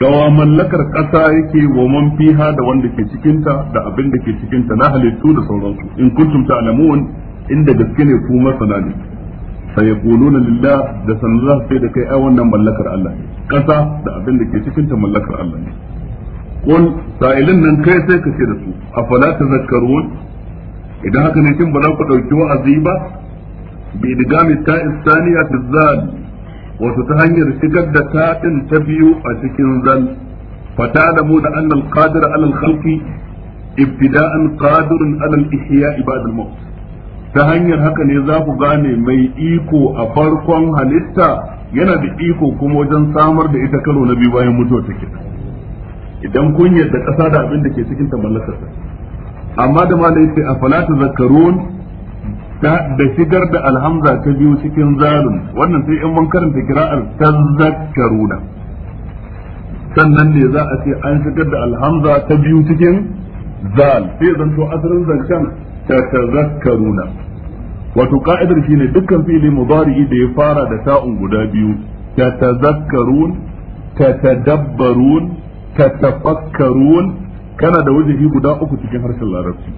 gawa mallakar ƙasa yake wa man fiha da wanda ke cikinta da abin da ke cikinta na halittu da sauransu in kuntum ta'lamun inda gaske ne ku masana ne sai ya kuluna lillah da sanar sai da kai wannan mallakar Allah ne ƙasa da abin da ke cikinta mallakar Allah ne qul sa'ilin nan kai sai ka ce da su afala tazakkarun idan haka ne kin ba ku ɗauki wa'azi ba bi idgami ta istaniya tizal wato ta hanyar shigar da taɗin din ta biyu a cikin zal fatalamu da annal qadir ala al khalqi ibtida'an qadirun ala al ihya ba'da al maut ta hanyar haka ne za ku gane mai iko a farkon halitta yana da iko kuma wajen samar da ita karo na biyu bayan mutuwa take idan kun yarda ƙasa da abin da ke cikin ta mallakar amma da malai a falata zakarun da shigar da alhamza ta biyu cikin zalun wannan sai in mun karanta kira'ar zakaruna. sannan ne za a ce an shigar da alhamza ta biyu cikin zal sai zan to asalin zancen ta tazakkaruna wato ka'idar shine dukkan filin mudari'i da ya fara da ta'un guda biyu ta tazakkarun ta tadabbarun tatafakkarun kana da wajihi guda uku cikin harshen larabci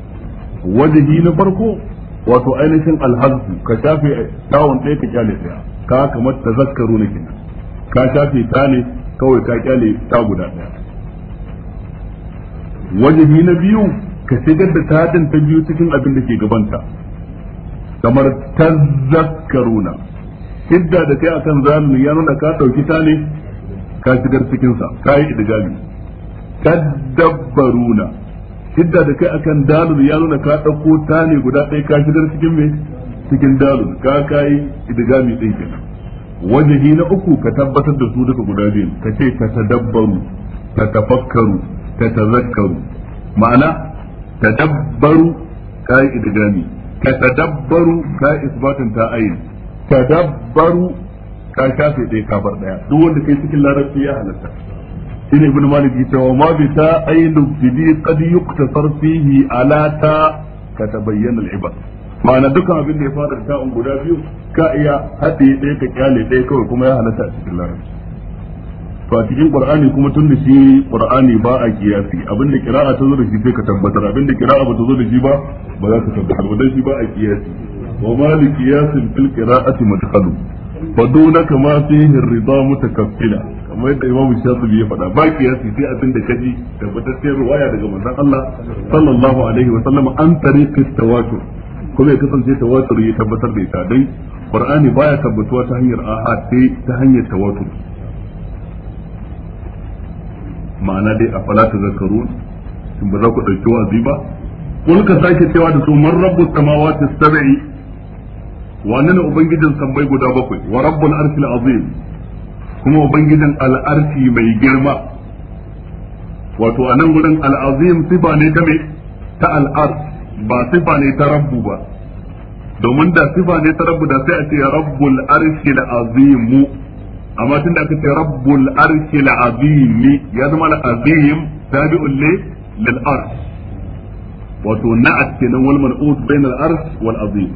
wajihi na farko wato ainihin alhazzu ka shafe tawon ɗaya ka kyale ɗaya ka kamar tazakkaru na kenan ka shafe ta ne kawai ka kyale ta guda ɗaya wajihi na biyu ka shigar da tadin ta biyu cikin abin da ke gabanta kamar tazakkaruna idda da kai akan zamu ya nuna ka ɗauki ta ne ka shigar cikin sa ka yi idgami tadabbaruna hidda da kai akan dalil ya nuna ka dauko ta ne guda ɗaya ka shigar cikin me cikin dalil ka kai idigami din kenan wajahi na uku ka tabbatar da su duka guda biyu ka ce ka tadabbaru ka tafakkaru ka tazakkaru ma'ana tadabbaru ka yi idgami ka tadabbaru ka isbatin ta'ayin tadabbaru ka shafe ɗaya ka bar ɗaya duk wanda kai cikin larabci ya halatta shine ibn malik yace wa ma bi ta ainu bidi qad yuktasar fihi ala ta ka tabayyana al-ibad ma'ana dukkan abin da ya fara ta un guda biyu ka iya haɗe ɗaya ka kyale ɗaya kawai kuma ya halatta a cikin larabci to a cikin qur'ani kuma tun da shi qur'ani ba a kiyasi abinda da kira'a ta zo da shi sai ka tabbatar abinda da kira'a ba ta zo da shi ba ba za ka tabbatar ba dan shi ba a kiyasi wa malik yasin fil qira'ati madkhalu fa duna kama fihi rida mutakaffila kamar yadda imamu shafi ya faɗa ba kiyasi sai abin da kaji tabbatacciyar ruwaya daga manzon Allah sallallahu alaihi wa sallam an tariqi tawatur kuma ya kasance tawatur ya tabbatar da ita dai qur'ani baya tabbatuwa ta hanyar ahad sai ta hanyar tawatur ma'ana dai a fala ta zakarun ba za ku ɗauki wazi ba kulka sake cewa da su man rabbus samawati sab'i wani ne ubangijin sammai guda bakwai wa rabbul arshil azim kuma ubangijin al'arshi mai girma wato a nan gudun al'azim sifa ne ta mai ta al'arsh ba sifa ne ta rabbu ba domin da sifa ne ta rabbu da sai a ce rabbul arshil azim amma tun da aka ce rabbul arshil azim ya zama al'azim tabi'un ne lil arsh wato na'at kenan wal man'ut bainal arsh wal azim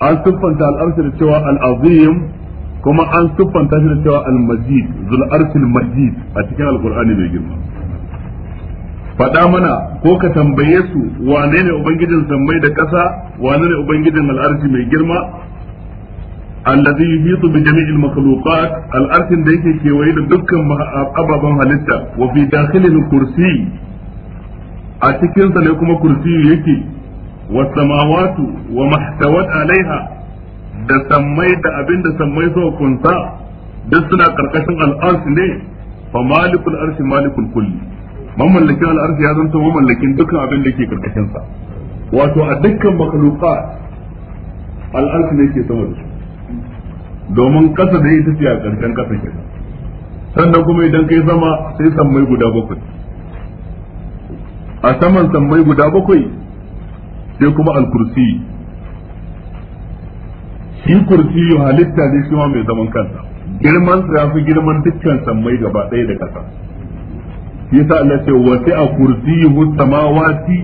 an siffanta al'arshi da cewa al'azim kuma an siffanta shi da cewa al-majid zul arshil majid a cikin alqur'ani mai girma faɗa mana ko ka tambaye su wane ne ubangijin sammai da ƙasa wane ne ubangijin al'arshi mai girma allazi yuhitu bi jami'il makhluqat al'arshin da yake kewaye da dukkan ababen halitta wa fi dakhilil kursi a cikin sa ne kuma kursi yake wa samawatu wa mahtawat alaiha da sammai da abin da sammai so kunsa duk suna karkashin al'arsh ne fa malikul arshi malikul kulli mamallakin al'arshi ya zanto mamallakin dukkan abin da ke karkashin sa wato a dukkan makhluqat al'arshi ne ke sama da su domin kasa da ita tafiya a karshen kasa kenan sannan kuma idan kai sama sai sammai guda bakwai a saman sammai guda bakwai sai kuma al'kursi shi kursi halitta ne shi mai zaman kansa girman ya yafi girman dukkan sammai gaba ɗaya da ƙasa sa Allah ce yi kursiyuhu samawati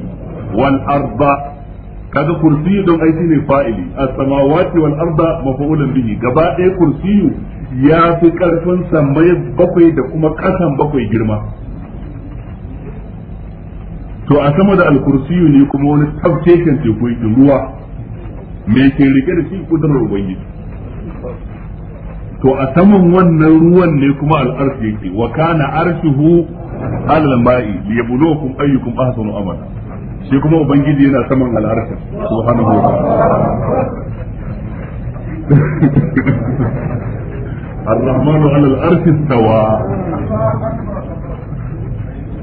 wal arda kaga yi don aiki ne fa'ili as-samawati wal arda mafa'ulun bihi gaba ɗaya kursiyu ya fi karfin sammai bakwai da kuma ƙasan bakwai girma to a sama da alkursiyu ne kuma wani tsabteken teku yake ruwa me ke rike da shi kudurar ubangiji to a saman wannan ruwan ne kuma al'arshi yake wa kana arshuhu alal ma'i liyabluwakum ayyukum ahsanu amala shi kuma ubangiji yana saman al'arshi subhanahu wa ta'ala الرحمن على الأرش استوى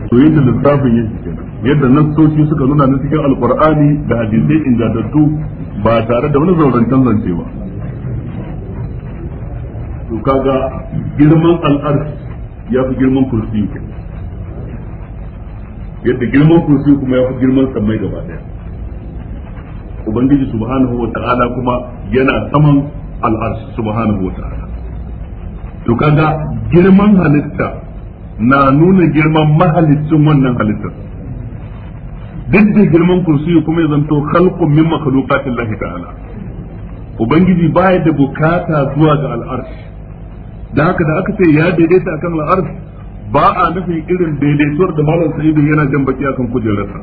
to yadda lissafin yake yadda nassoci suka nuna na cikin alkur'ani da hadisai ingantattu ba tare da wani zauren canzance ba to kaga girman al'arsh ya fi girman kursi yadda girman kursi kuma ya fi girman sammai gaba daya ubangiji subhanahu wa ta'ala kuma yana saman al'arsh subhanahu wa ta'ala to kaga girman halitta na nuna girman mahalicin wannan halittar duk da girman kursiyu kuma ya zanto khalqun min makhluqatin Allah ta'ala ubangiji baya da bukata zuwa ga al'arsh dan haka da aka ce ya daidaita akan al'arsh ba a nufin irin daidaituwar da malam sayyidu yana jan baki akan kujerarsa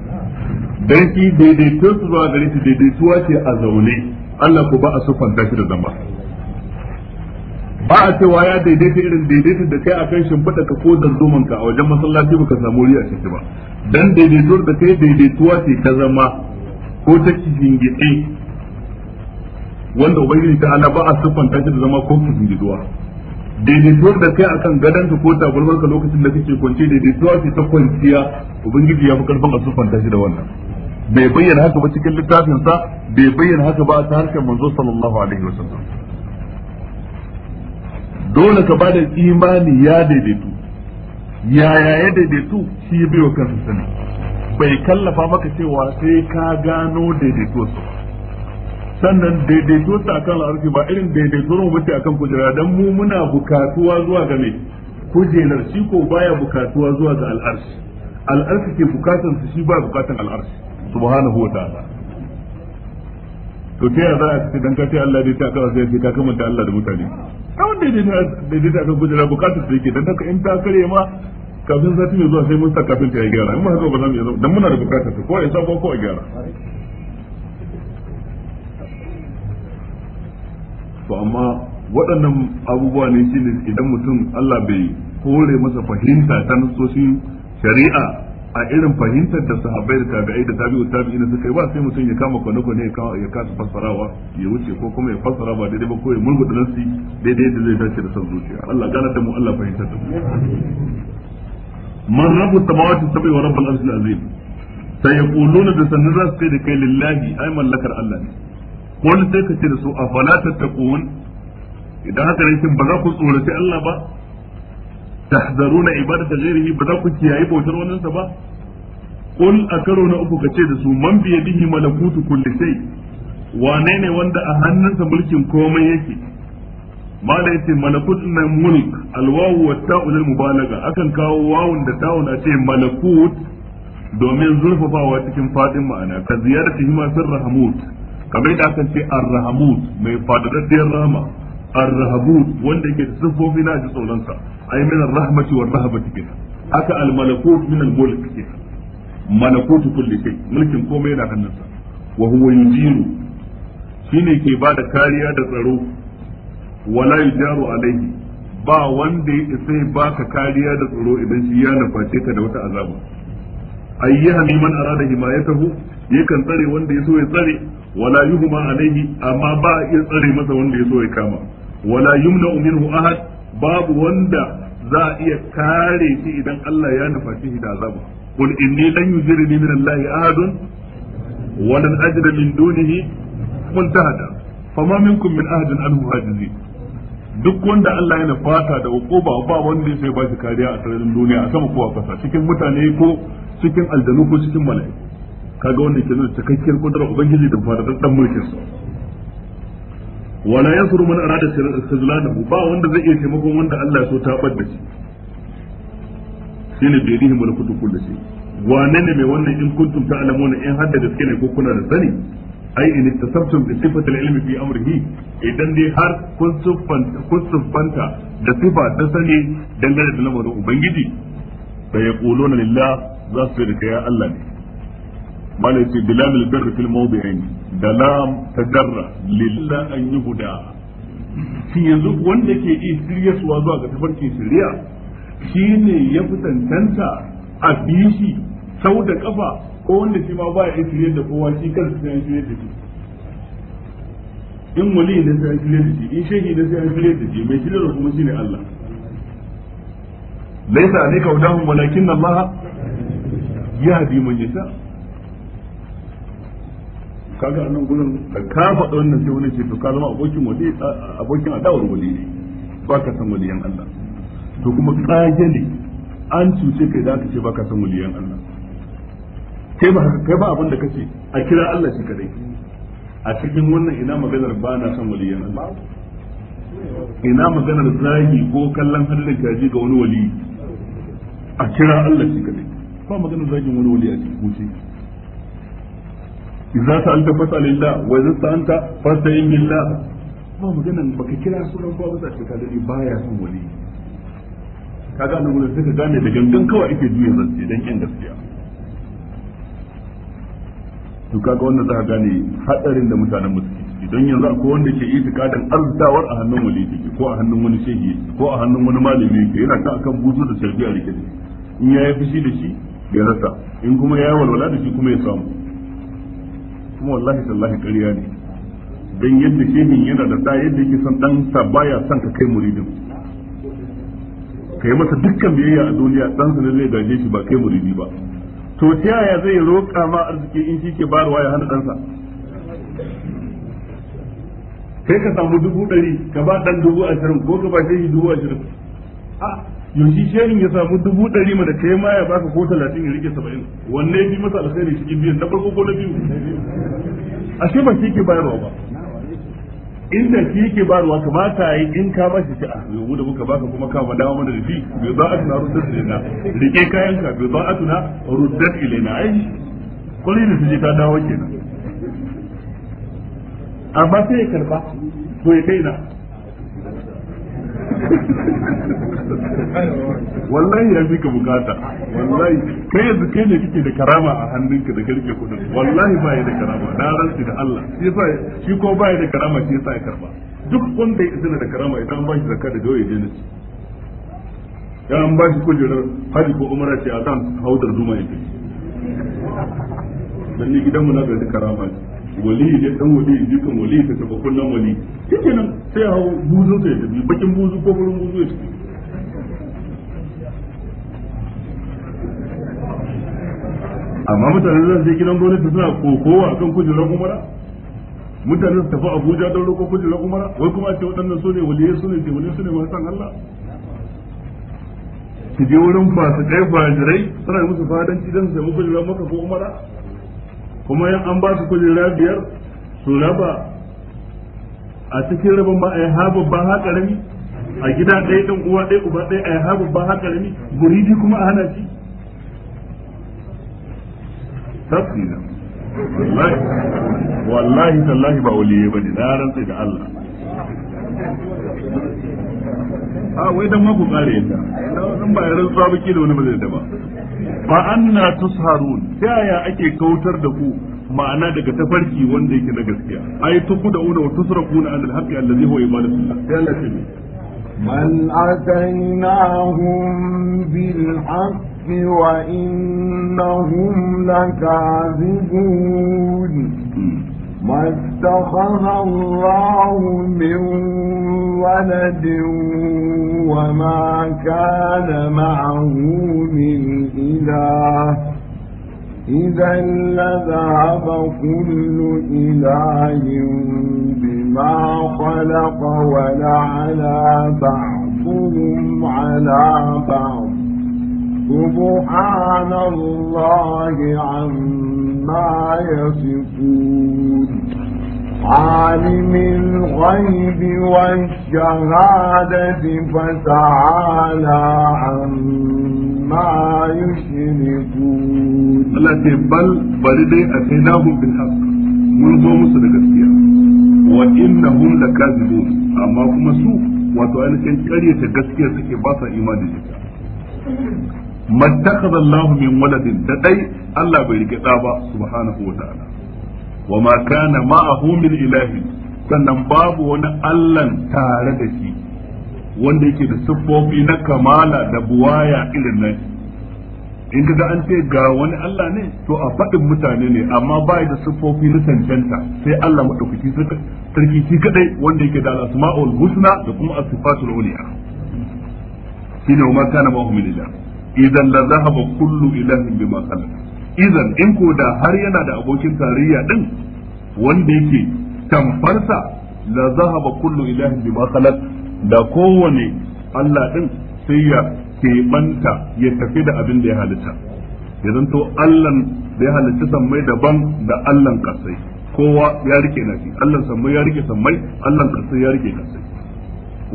dan shi daidaituwar zuwa gare shi daidaituwa ce a zaune Allah ko ba a sufanta shi da zamba ba a cewa ya daidaita irin daidaita da kai akan shimfiɗa ka ko dandoman ka a wajen masallaci baka samu riya ciki ba dan daidaituwar da kai daidaituwa ce ta zama ko ta kishingiɗe wanda ubangiji ta ala ba a siffanta shi da zama ko zuwa. daidaituwar da kai akan gadonka ko tabarmarka lokacin da kake kwance daidaituwa ce ta kwanciya ubangiji ya fi karfin a siffanta shi da wannan bai bayyana haka ba cikin littafinsa bai bayyana haka ba ta harshen manzo sallallahu alaihi wasallam dole ka bada imani ya daidaitu yaya ya daidaitu shi ya biyo kansa sani bai kallafa maka cewa sai ka gano daidaito su sannan daidaito su akan al'arfi ba irin daidaito mu mutu akan kujera don mu muna bukatuwa zuwa ga mai kujerar shi ko baya bukatuwa zuwa ga al'arshi al'arshi ke bukatan su shi baya bukatan al'arshi subhanahu wataala to ta ya za a ce dan ka Allah dai ta kawo sai ka kamanta Allah da mutane ta wanda ya daidaita bukatar da yake haka in ta kare ma kafin zafi mai zuwa sai mun sa kafin ta ya gyara in ma haka ba za mu iya dan muna da bukatar ta ko a isa ko a gyara to amma waɗannan abubuwa ne shine idan mutum Allah bai kore masa fahimta ta nasosin shari'a a irin fahimtar da sahabbai da tabi'ai da tabi'u tabi'ina suka yi ba sai mutum ya kama kwane ne ya kasa fassarawa ya wuce ko kuma ya fassara ba daidai ba ko ya murgudu nasi daidai yadda zai dace da san zuciya Allah gana da mu Allah fahimtar da mu man rabu samawati sabai wa rabbul arshil azim sai ya kuluna da sanin za su kai da kai lillahi ai mallakar Allah ne wani sai ka ce da su afala tattaqun idan haka ne ba za ku tsorace Allah ba tahzaruna ibadata ghairihi ba za ku kiyaye bautar wannan sa ba qul a karo na uku kace da su man bi yadihi malakutu kulli shay wane wanda a hannunsa mulkin komai yake mala yace malakut na mulk alwawu wa ta'ul mubalaga akan kawo wawun da ta'un a ce malakut domin zurfafawa cikin fadin ma'ana ka ziyarta hima sirrahamut kamar a akan ce arrahamut mai fadadaddiyar rama. ar wanda yake da sifofi na ji tsoron sa ai min ar-rahmati war rahabati kina haka al-malakut min al-mulk kina malakut kulli mulkin komai yana hannunsa wa huwa yujiru shine ke bada kariya da tsaro wala yujaru alaihi ba wanda sai baka kariya da tsaro idan shi ya nuface da wata azaba ayyaha man arada himayatahu yakan tsare wanda ya so ya tsare wala yuhuma alaihi amma ba iya tsare masa wanda ya so ya kama wala yumna minhu ahad babu wanda za iya kare shi idan Allah ya nufa shi da azaba qul inni lan yujirni min Allah ahadun wa lan ajra min dunihi muntahada fama minkum min ahadin anhu duk wanda Allah yana fata da hukuma ba wanda sai ba shi kariya a sararin duniya a sama kowa kasa cikin mutane ko cikin aljanu ko cikin mala'iku kaga wanda ke nuna cikakkiyar kudurar ubangiji da fadadar dan mulkin sa wala ya suru mana arada istizlalahu ba wanda zai iya taimakon wanda Allah so ta bar da shi shine bi mana kutu kulli shay wane ne mai wannan in kuntum ta'lamuna in hadda da suke ne ko kuna da sani ai in tasabtum bi sifati al-ilmi fi amrihi idan dai har kun sufanta kun da sifa ta sani dangane da lamarin ubangiji fa yaquluna lillah za su kai ya Allah ne malai ce bilal albirr fil mawdi'in da lam tadarra lillah an yuhda shin yanzu wanda ke iya shiryaswa zuwa ga tafarki shi shine ya fi tantanta a bishi sau da kafa ko wanda shi ma ba ya shiryar da kowa shi kansa sai an shiryar da shi in wali ne sai an shiryar da shi in shehi ne sai an shiryar da shi mai da kuma ne Allah laisa ne kaudahun walakin Allah bi man yasha kaga annan gurin da ka faɗa wannan sai wani ce to ka zama abokin wali abokin adawar wali ne ba ka san waliyan Allah to kuma kage ne an cuce kai da aka ce ba ka san waliyan Allah kai ba kai ba abin da kace a kira Allah shi kadai a cikin wannan ina maganar ba na san waliyan Allah ina maganar zagi ko kallon hannun jaji ga wani wali a kira Allah shi kadai ba maganar zagin wani wali a cikin idza sa'alta fas'alillah wa idza sa'anta yin billah ba ganin baka kira sunan ba wata ce ba baya son wali kaga nan mun sai ka gane da gangan kawai ake zan ce dan kin gaskiya to kaga wannan za ka gane hadarin da mutanen mu don yanzu akwai wanda ke itikadin arzawar a hannun wali take ko a hannun wani shehi ko a hannun wani malami ke yana ta akan buzu da sarbi a rike in ya yi fushi da shi ya rasa in kuma ya yi walwala da shi kuma ya samu kuma wallahi tallahi ƙarya ne dan yadda shehin yana da da yadda yake son dan sa baya son ka kai muridin kai masa dukkan biyayya a duniya dan sa ne zai gaje shi ba kai muridi ba to ta zai roƙa ma arziki in shi ke barwa ya hana ɗansa kai ka samu dubu ɗari ka ba ɗan dubu ashirin ko ka ba shi dubu ashirin ah, yanzu shirin ya samu dubu ɗari mana kai ma ya baka ko talatin ya rike saba'in wanne ya fi masa alkhairi cikin biyan na farko ko na biyu shi ba shi ke bayarwa ba inda shi ke bayarwa kamata yi in ka ba shi ta'a yau da muka baka kuma ka madawa mana rufi bai za a tuna rudar ilaina rike kayan ka bai za a tuna rudar ilaina ai kwallo da su je ta dawo kenan amma sai ya karba to ya kai na wallahi ya fi ka bukata wallahi kai yanzu kai ne kike da karama a hannunka da karke kudin wallahi ba ya da karama na ranci da Allah shi ko ba ya da karama shi yasa ya karba duk wanda ya izina da karama idan ba shi zakka da doye dole ya an ba shi kujera haji ko umara ce a kan haudar zuma yake dan ni gidan mu na da karama wali ne dan wali jikan wali ka tabakkun nan wali shi nan sai hau buzu sai tafi bakin buzu ko farin buzu ya tafi amma mutane za sai gidan gwamnati suna kokowa kan kujerar umara mutane su tafi abuja don roƙon kujerar umara wai kuma ce waɗannan su ne waliyai su ne ce waliyai su ne masu san allah su je wurin fasu ɗaya fajirai suna musu fadan cidan su zama kujerar maka ko umara kuma yan an ba su kujerar biyar su raba a cikin rabin ba a yi habu ba ha karami a gida ɗaya ɗan uwa ɗaya uba ɗaya a yi habu ba ha karami guridi kuma a hana shi tafsira wallahi wallahi tallahi ba waliye ba ne na rantsa da Allah a wai dan maku kare yadda dan ba yaran tsawa da wani mazai da ba fa anna tusharun ta yaya ake kautar da ku ma'ana daga tafarki wanda yake na gaskiya ai una wa tusrafuna an al-haqqi allazi huwa ibadatullah sai Allah ya ce من أتيناهم wa وإنهم لكاذبون ما اتخذ الله من ولد وما كان معه من إله إذا لذهب كل إله بما خلق ولعل بعضهم على بعض سبحان الله عما يصفون عالم الغيب والشهادة فتعالى عما عما يشركون الله تي بل بل دي أتيناهم بالحق من زو مسو da gaskiya wa innahum lakazibun amma kuma su wato ainihin ƙaryata gaskiya suke ba sa imani da ita mattakhadha allahu min waladin da dai Allah bai rike da ba subhanahu wa ta'ala wa ma kana ma'ahu min ilahin sannan babu wani allan tare da shi wanda yake da siffofi na kamala da buwaya irin nan in ga an ce ga wani Allah ne to a faɗin mutane ne amma ba da siffofi na cancanta sai Allah madaukaki sarki shi kadai wanda yake da al-asma'ul husna da kuma as-sifatul uliya shine wa ma kana ma'hum lillah idan la zahaba kullu ilahin bima khalaq idan in ko da har yana da abokin tarayya din wanda yake tamfarsa la zahaba kullu ilahin bima khalaq da kowane Allah ɗin sai ya keɓanta ya tafi da abin da ya halitta ya zanto Allah da ya halitta sammai daban da Allahn kasai kowa ya rike nafi Allah sammai ya rike sammai Allahn kasai ya rike kasai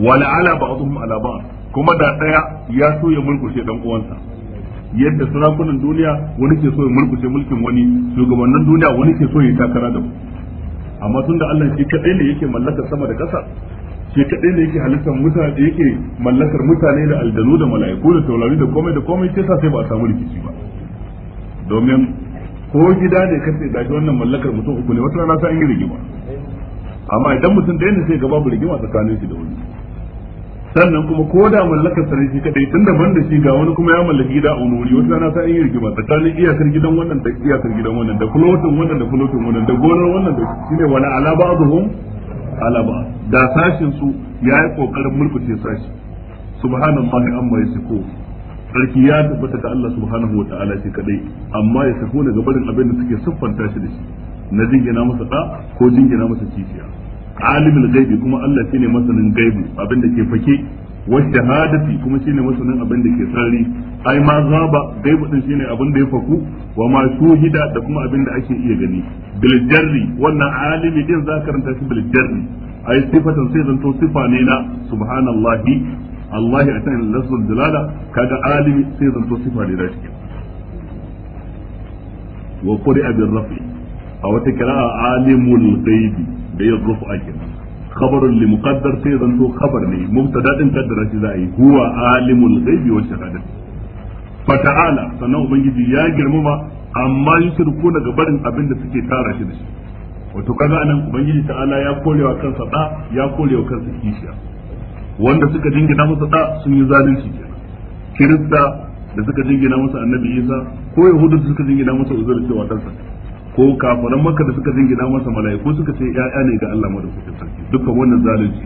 wala ala ba'dhum ala ba'd kuma da daya ya so ya mulkushe dan uwansa yadda sarakunan duniya wani ke so ya mulkushe mulkin wani shugabannin duniya wani ke so ya takara da ku. amma tun da Allah shi kadai ne yake mallaka sama da ƙasa shi kadai ne yake halittar mutane da yake mallakar mutane da aljanu da mala'iku da taurari da komai da komai sai sai ba a samu rikici ba domin ko gida ne kace gashi wannan mallakar mutum uku ne wata rana sai an yi rigima amma idan mutum da ne sai gaba babu rigima tsakanin shi da wani sannan kuma ko da mallakar sarai shi kadai tun daban da shi ga wani kuma ya mallaki gida a wani wuri wata rana sai an yi rigima tsakanin iyakar gidan wannan da iyakar gidan wannan da kulotin wannan da kulotin wannan da gonar wannan da shine wani ala ba'dhum ala da sashin su yi kokarin mulkuce sashi subhanallahi amma ko sarki ya tabbata ga Allah subhanahu wataala shi kadai amma ya tafi daga barin abin da suke siffanta shi da shi na jingina masa da ko jingina masa kishiya alimul gaibi kuma Allah shine masanin gaibi abin da ke fake والشهادة كما شيني مسنن أبن دي كساري أي ما غاب ديب شيني أبن دي فكو وما شوهد دكما أبن دي أشي إيه غني بالجري وانا عالم دين ذاكر انت بالجري أي صفة صيغة صفة نينا سبحان الله الله أتاني لفظ الدلالة كذا عالم صيغة صفة نينا وقرئ بالرفع أو تكرا عالم الغيب بيضرف أجل khabarun li muqaddar sai zanto khabar ne mubtada din kaddara shi za a yi huwa alimul ghaibi wa shahadati fata'ala sannan ubangiji ya girmama amma yushrikuna ga barin abin da suke tara shi da shi wato kaga anan ubangiji ta'ala ya wa kansa da ya wa kansa kishiya wanda suka jingina masa da sun yi zalunci kenan kirista da suka jingina masa annabi isa ko yahudu da suka jingina masa uzur cewa dan sa ko kafiran makka da suka jingina masa mala'iku suka ce ya'ya ne ga Allah madaukakin sarki dukkan wannan zalunci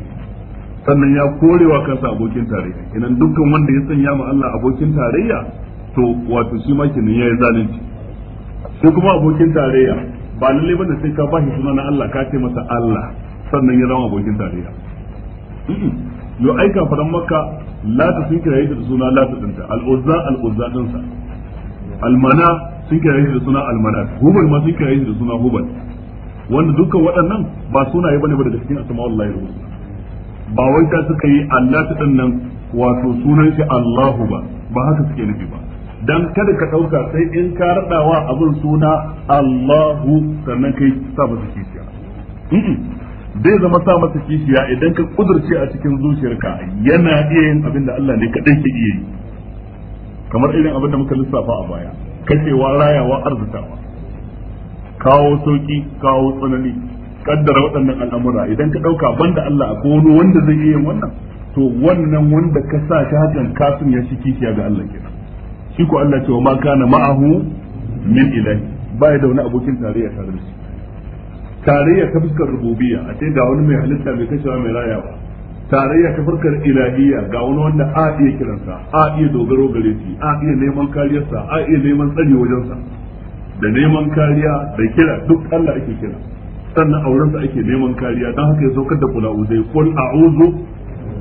sannan ya korewa kansa abokin tarayya idan dukkan wanda ya sanya ma Allah abokin tarayya to wato shi ma kenan yayi zalunci sai kuma abokin tarayya ba lalle bane sai ka bashi suna na Allah ka ce masa Allah sannan ya zama abokin tarayya yo aika faran makka la ta sun kira da suna la ta dinta al-uzza al-uzza dinsa almana sun kira shi da suna almana hubal ma sun kira shi da suna hubal wanda dukkan waɗannan ba sunaye bane ba daga cikin asma'ul lahi husna ba wai ta suka yi Allah ta dan nan wato sunan shi Allahu ba ba haka suke nufi ba dan kada ka dauka sai in ka radawa abin suna Allahu sannan kai sa masa kishiya zai zama sa masa kishiya idan ka kudurce a cikin zuciyarka yana iya yin abin da Allah ne kaɗai ke iya yi kamar irin abin da muka lissafa a baya kashewa rayawa arzikawa kawo sauki kawo tsanani kaddara waɗannan al'amura idan ka ɗauka banda Allah a wani wanda zai yi wannan to wannan wanda ka sa ta hakan kafin ya shi kishiya ga Allah kenan shi ko Allah ce wa ma kana ma'ahu min ilahi ba ya da wani abokin tarayya tare da shi tarayya ta fuskar rububiyya a ce ga wani mai halitta mai kashewa mai rayawa tarayya ta farkar ilahiyya ga wani wanda a iya kiransa a iya dogaro gare shi a iya neman kariyarsa a iya neman tsari wajensa da neman kariya da kira duk Allah ake kira sannan aurensa ake neman kariya don haka ya saukar da kula uzai qul a'udhu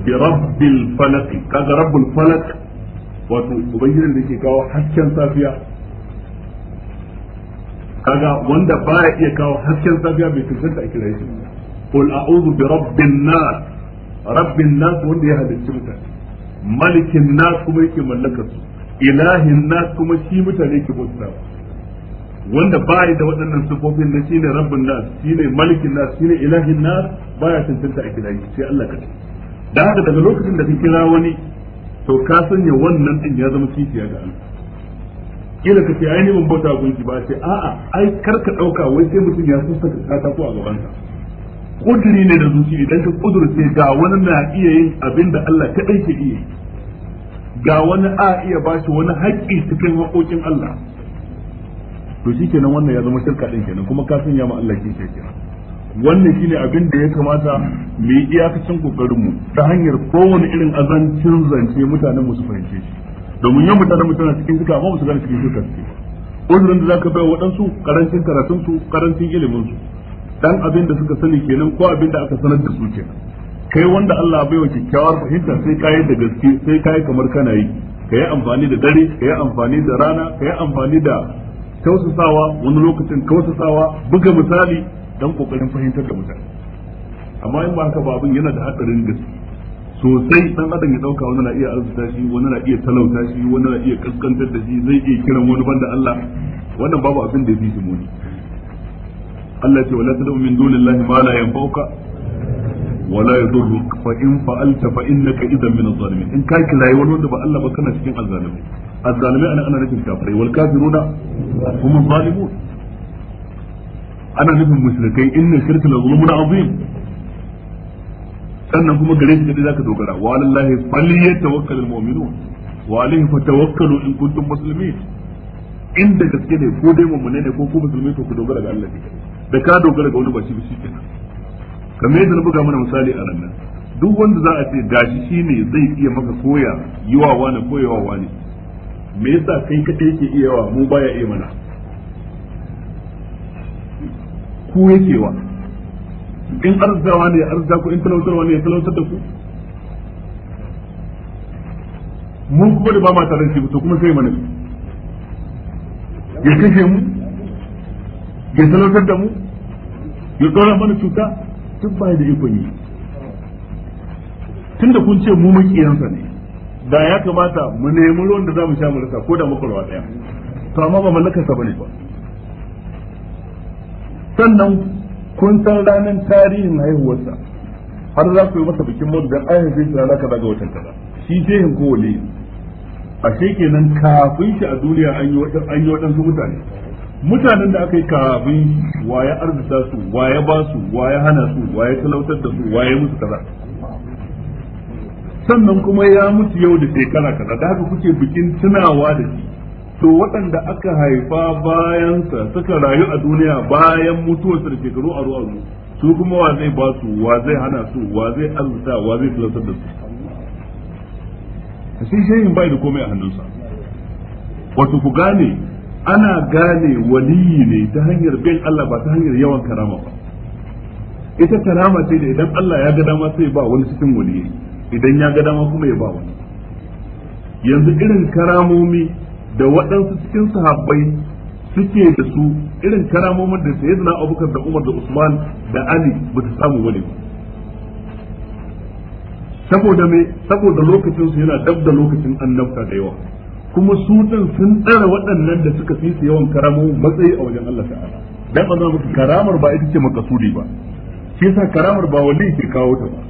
bi rabbil falaq kaga rabbul falaq wato ubangijin da ke kawo hasken safiya kaga wanda baya iya kawo hasken safiya bai tuntar a kira shi qul a'udhu bi rabbin nas rabbin nas wanda ya halicci mutane malikin nasu kuma yake mallakar su ilahin nasu kuma shi mutane ke bauta wanda ba da waɗannan sufofin na shine rabbin nas shine malikin nasu shine ilahin ba ya tantanta a gidaje sai Allah ka ce da haka daga lokacin da ka kira wani to ka sanya wannan din ya zama kishiya ga Allah kila ka ce ai bauta gunki ba sai a'a ai kar ka dauka wai sai mutum ya kusa ka ko a gaban ka kudiri ne da zuci idan ka sai ga wani na iya yin abin da Allah ta ke iya ga wani a iya ba shi wani haƙƙi cikin haƙoƙin Allah to shi kenan wannan ya zama shirka ɗin kenan kuma kafin ya ma Allah ke kenan wannan shine abin da ya kamata mu yi iyakacin kokarin mu ta hanyar kowane irin azancin zance mutanen mu su fahimce shi domin yau mutanen mu tana cikin suka amma su gane cikin shirka suke uzurin da zaka bai wa waɗansu karancin karatunsu karancin iliminsu dan abin da suka sani kenan ko abin da aka sanar da su kenan kai wanda Allah bai wa kyakkyawar fahimta sai kai da gaske sai kai kamar kana yi kai amfani da dare kai amfani da rana kai amfani da tausasawa wani lokacin tausasawa buga misali dan kokarin fahimtar da mutane amma in ba haka ba abin yana da hadarin gaske sosai dan adam ya dauka wani na iya arzuta shi wani na iya talauta shi wani na iya kaskantar da shi zai iya kiran wani banda Allah wannan babu abin da zai muni Allah ce wala tad'u min dunillahi ma la yanfa'uka wala yadurruk fa in fa'alta fa innaka idan min adh-dhalimin in ka kirayi wani wanda ba Allah ba kana cikin azzalimi azzalimi ana ana nufin kafirai wal kafiruna hum adh-dhalimun ana nufin mushrikai inna shirka la zulmun azim sannan kuma gare shi kadai zaka dogara wa lillahi falyatawakkalul mu'minun wa alayhi fatawakkalu in kuntum muslimin inda gaske ne ko dai mummune ne ko ku musulmi to ku dogara ga Allah ne da ka dogara ga wani ba shi ba shikenan kamar yadda na buga mana misali a nan duk wanda za a ce gashi ne zai iya maka koya yiwa wani koyawa wani me yasa kai kadai yake iya wa mu baya iya mana ku yake wa in arzawa ne arza ku in talautarwa ne talautar da ku mun kuma da ba ma tare da shi to kuma sai mana ya kashe mu ya talautar da mu ya tsora mana cuta tun ba da ikon yi tunda kun ce mu makiyansa ne da ya kamata mu nemi ruwan da za mu sha mu rasa ko da makwarwa daya to amma ba mallakar sa bane ba sannan kun san ranar tarihin haihuwarsa har za ku yi masa bikin mutu da ai zai tsara ka daga ga watan kaza shi shehin ko wali a kenan kafin shi a duniya an yi waɗansu mutane mutanen da aka yi wa waye arzuta su waye ba su waye hana su waye talautar da su waye musu kaza sannan kuma ya mutu yau da shekara kaza da haka kuke bikin tunawa da shi to waɗanda aka haifa bayansa suka rayu a duniya bayan mutuwarsa da shekaru a ruwa su kuma wa zai ba su wa zai hana su wa zai arzuta wa zai talautar da su shi shayin bai da komai a hannunsa wato ku gane ana gane waliyi ne ta hanyar bin Allah ba ta hanyar yawan karama ba ita karama ce da idan Allah ya ga dama sai ba wani cikin waliyi idan ya ga dama kuma ya ba wani yanzu irin karamomi da waɗansu cikin sahabbai suke da su irin karamomin da zina Abubakar da Umar da Usman da Ali ba su samu wani saboda me saboda lokacin yana dab da lokacin annabta da yawa kuma su din sun tsara waɗannan da suka fi su yawan karamu matsayi a wajen Allah ta'ala dan ba za muku karamar ba ita ce makasudi ba shi yasa karamar ba wali ke kawo ta ba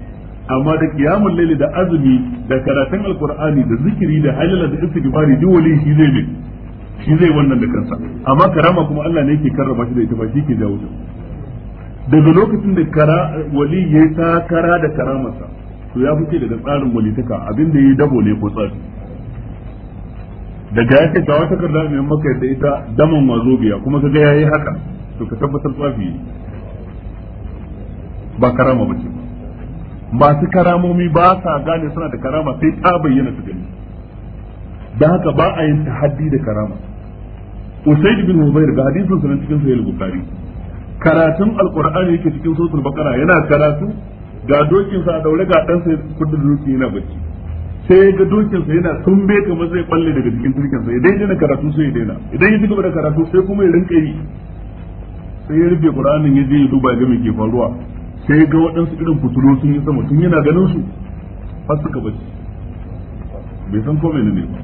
amma da kiyamul laili da azumi da karatun alqur'ani da zikiri da halala da istighfari duk wani shi zai ne shi zai wannan da kansa amma karama kuma Allah ne yake karrama shi da ita ba shi ke jawo ta daga lokacin da kara wali ya ta kara da karamarsa to ya fice daga tsarin walitaka abin da ya dabo ne ko tsari daga ya ce ga wata karda mai maka da ita daman biya kuma ka ga yayi haka to ka tabbatar tsafi ba karama ba ce masu karamomi ba sa gane suna da karama sai ta bayyana su gani da haka ba a yin tahaddi da karama usaid bin hubair ga hadisin sunan cikin sahih bukhari karatun alqur'ani yake cikin suratul baqara yana karatu ga dokin sa daure ga dan sai kudin dokin yana bacci sai ya ga dokin sa yana sun be kamar zai balle daga jikin dukin sa idan yana karatu sai ya daina idan ya cigaba da karatu sai kuma ya rinka yi sai ya rufe qur'anin ya je ya duba ga me ke faruwa sai ga waɗansu irin fitulu sun yi sama tun yana ganin su har suka bace bai san ko menene ba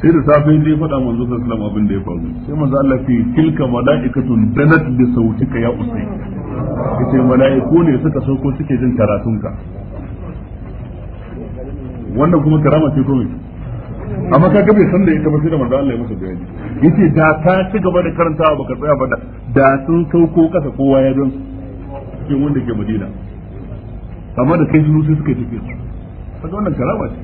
sai da safe ne ya faɗa manzo sallallahu alaihi abin da ya faru sai manzo Allah ce tilka malaikatun danat bi sautika ya usai kace malaiku ne suka sauko suke jin karatunka wannan kuma karama ce ko me amma ka bai san da ita ba sai da manzo Allah ya masa bayani yace da ta ci gaba da karantawa baka tsaya ba da sun sauko kasa kowa ya don cikin wanda ke Madina amma da kai su sai suka tafi kaga wannan karama ce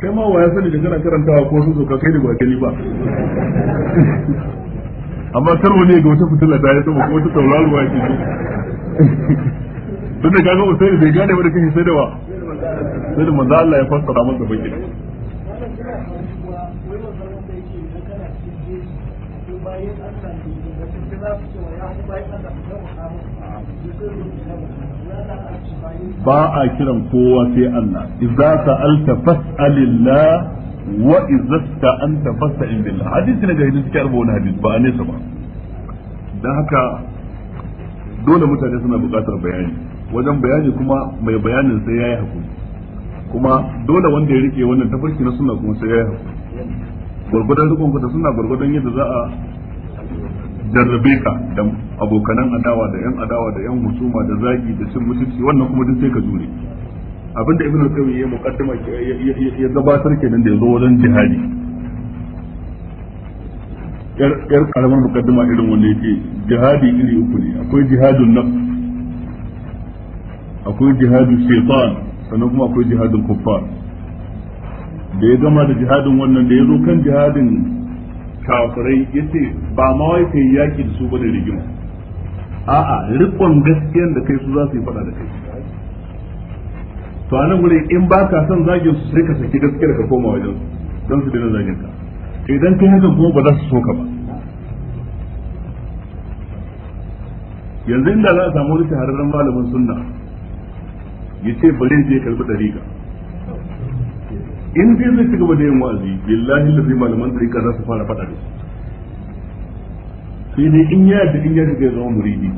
kai ma wa ya sani da kana karantawa ko su ka kai da ba kai ba amma karwa ne ga wata fitila ta yi sama ko wata tauraruwa ke tun da kaga usai bai gane ba da kai sai da wa sai da manzo Allah ya fassara masa bakin ba a kiran kowa sai Allah idza sa'alta fas'alillah wa idza sta'anta fasta'in billah hadisi ne ga hadisi ke arba wani hadisi ba ne sa ba dan haka dole mutane suna buƙatar bayani wajen bayani kuma mai bayanin sai ya yi hakuri kuma dole wanda ya rike wannan tafarki na suna kuma sai yi hakuri gwargwadon rikon kuta suna gwargwadon yadda za a jarrabe ka da abokanan adawa da yan adawa da yan musuma da zagi da cin mutunci wannan kuma duk sai ka jure abinda ibn al-qayyim ya muqaddima ya gabatar kenan da yazo wajen jihadi yar karamar muqaddima irin wanda yake jihadi iri uku ne akwai jihadun nafs akwai jihadin shaitan sannan kuma akwai jihadin kuffar da ya gama da jihadin wannan da ya zo kan jihadin kafirai ya ce ba mawai wai kai da su ba da rigima a'a rikon gaskiyan da kai su za su yi fada da kai to anan gure in ba ka son zagin su sai ka saki gaskiyar ka koma wajen su don su dina zagin ka idan kai hakan kuma ba za su so ka ba yanzu inda za a samu wani shahararren malamin sunna ya ce bari je karbi ka in dai zai ci gaba da yin wa'azi billahi lazi malaman dariƙa za su fara faɗa da su sai dai in ya da in ya shiga zama muridi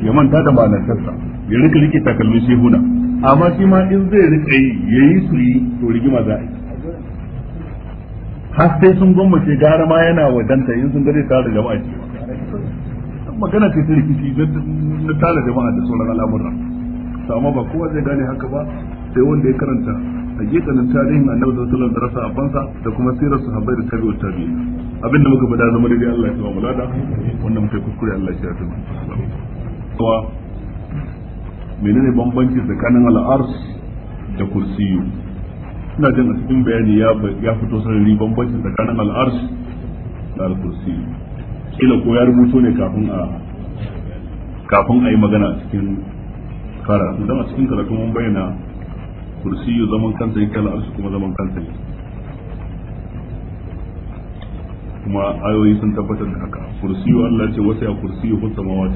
ya manta da malantarsa ya rika rike takalmin shehuna amma shi ma in zai rika yi ya yi su yi to rigima za a yi har sai sun gwammace gara ma yana wadanta in sun gare tare da jama'a ce magana ce ta rikici na tare jama'a da sauran al'amuran to amma ba kowa zai gane haka ba sai wanda ya karanta hakikanin tarihin annabi sallallahu alaihi wasallam da rasa abansa da kuma sirar sahabbai da tabi'u tabi'i abinda muka bada zama dai Allah ya tsawa lada wannan mutai kuskure Allah ya tsaya kuma menene bambanci tsakanin al'ars da kursiyu ina jin a cikin bayani ya ya fito sarari bambanci tsakanin al'ars da al-kursiyu kila ko ya rubuto ne kafin a kafin a yi magana cikin karatu don a cikin karatu mun bayyana kursi zaman kansa yake al'arshi kuma zaman kansa yake kuma ayoyi sun tabbatar da haka kursiyu Allah ce a wata ya kursiyu kun ce wal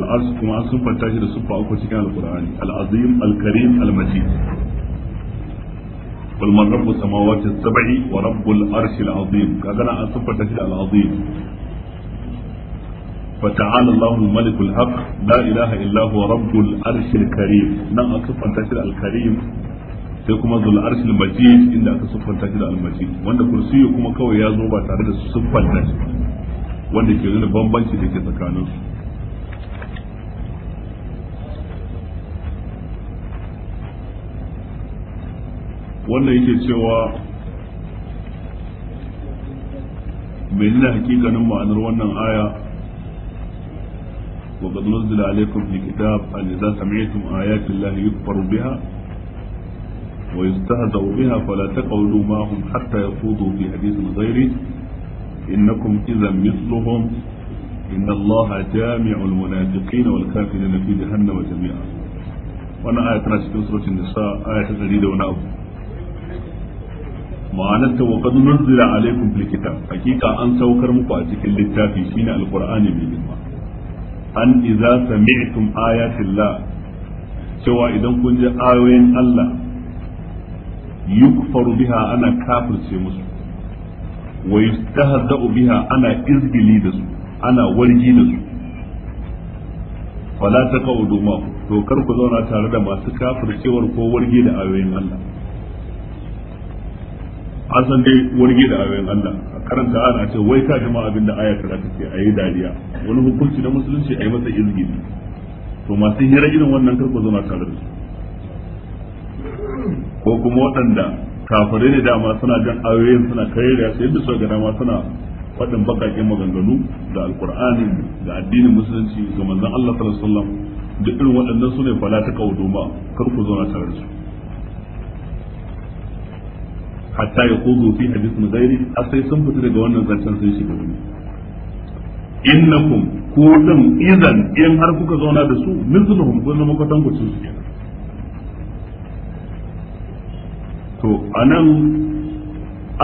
al'arshi kuma an sun fanta shi da sufa uku cikin alqur'ani al'azim al-karim al-majid قل من رب السماوات السبع ورب العرش العظيم كذا أنا أصفت العظيم فتعالى الله الملك الحق لا اله الا هو رب العرش الكريم نعم صفن تاكيد الكريم sai kuma zul arsh al inda aka siffanta shi al majid wanda kursiyu kuma kawai ya zo ba tare da siffanta shi wanda ke nuna bambanci da ke tsakanin su wanda yake cewa menene hakikanin ma'anar wannan aya وقد نزل عليكم في كتاب أن إذا سمعتم آيات الله يكفر بها ويستهزأ بها فلا تقعدوا معهم حتى يخوضوا في حديث غيره إنكم إذا مثلهم إن الله جامع المنافقين والكافرين في جهنم جميعا وأنا آية تناسب سورة النساء آية جديدة ونأبو ma'anarta وقد نزل عليكم في fil kitab hakika سوكر saukar muku a cikin an idza sami'tum ayatillah cewa idan kun ji ayoyin Allah yukfaru biha ana kafirce musu wa yustahza'u biha ana izgili da su ana wargi da su fala taqaudu ma to kar ku zauna tare da masu kafircewar ko wargi da ayoyin Allah an dai wargi da ayoyin Allah karanta ana ce wai ka jama'a abin da aya ce a yi dariya wani hukunci na musulunci a yi masa izini to masu hira irin wannan karko zama tare da su ko kuma waɗanda kafare ne dama suna jan ayoyin suna da su yadda suka ga dama suna faɗin bakaƙen maganganu da alkur'ani da addinin musulunci ga manzon Allah sallallahu alaihi wasallam duk irin waɗannan su ne fala ta kawo ma kar zama tare da su hatta ya kogo fi hadisin zairi a sai sun fita daga wannan zancen sai shiga wani innakum ku din idan in har kuka zauna da su mithluhum kun zama kwatan ku su kenan to anan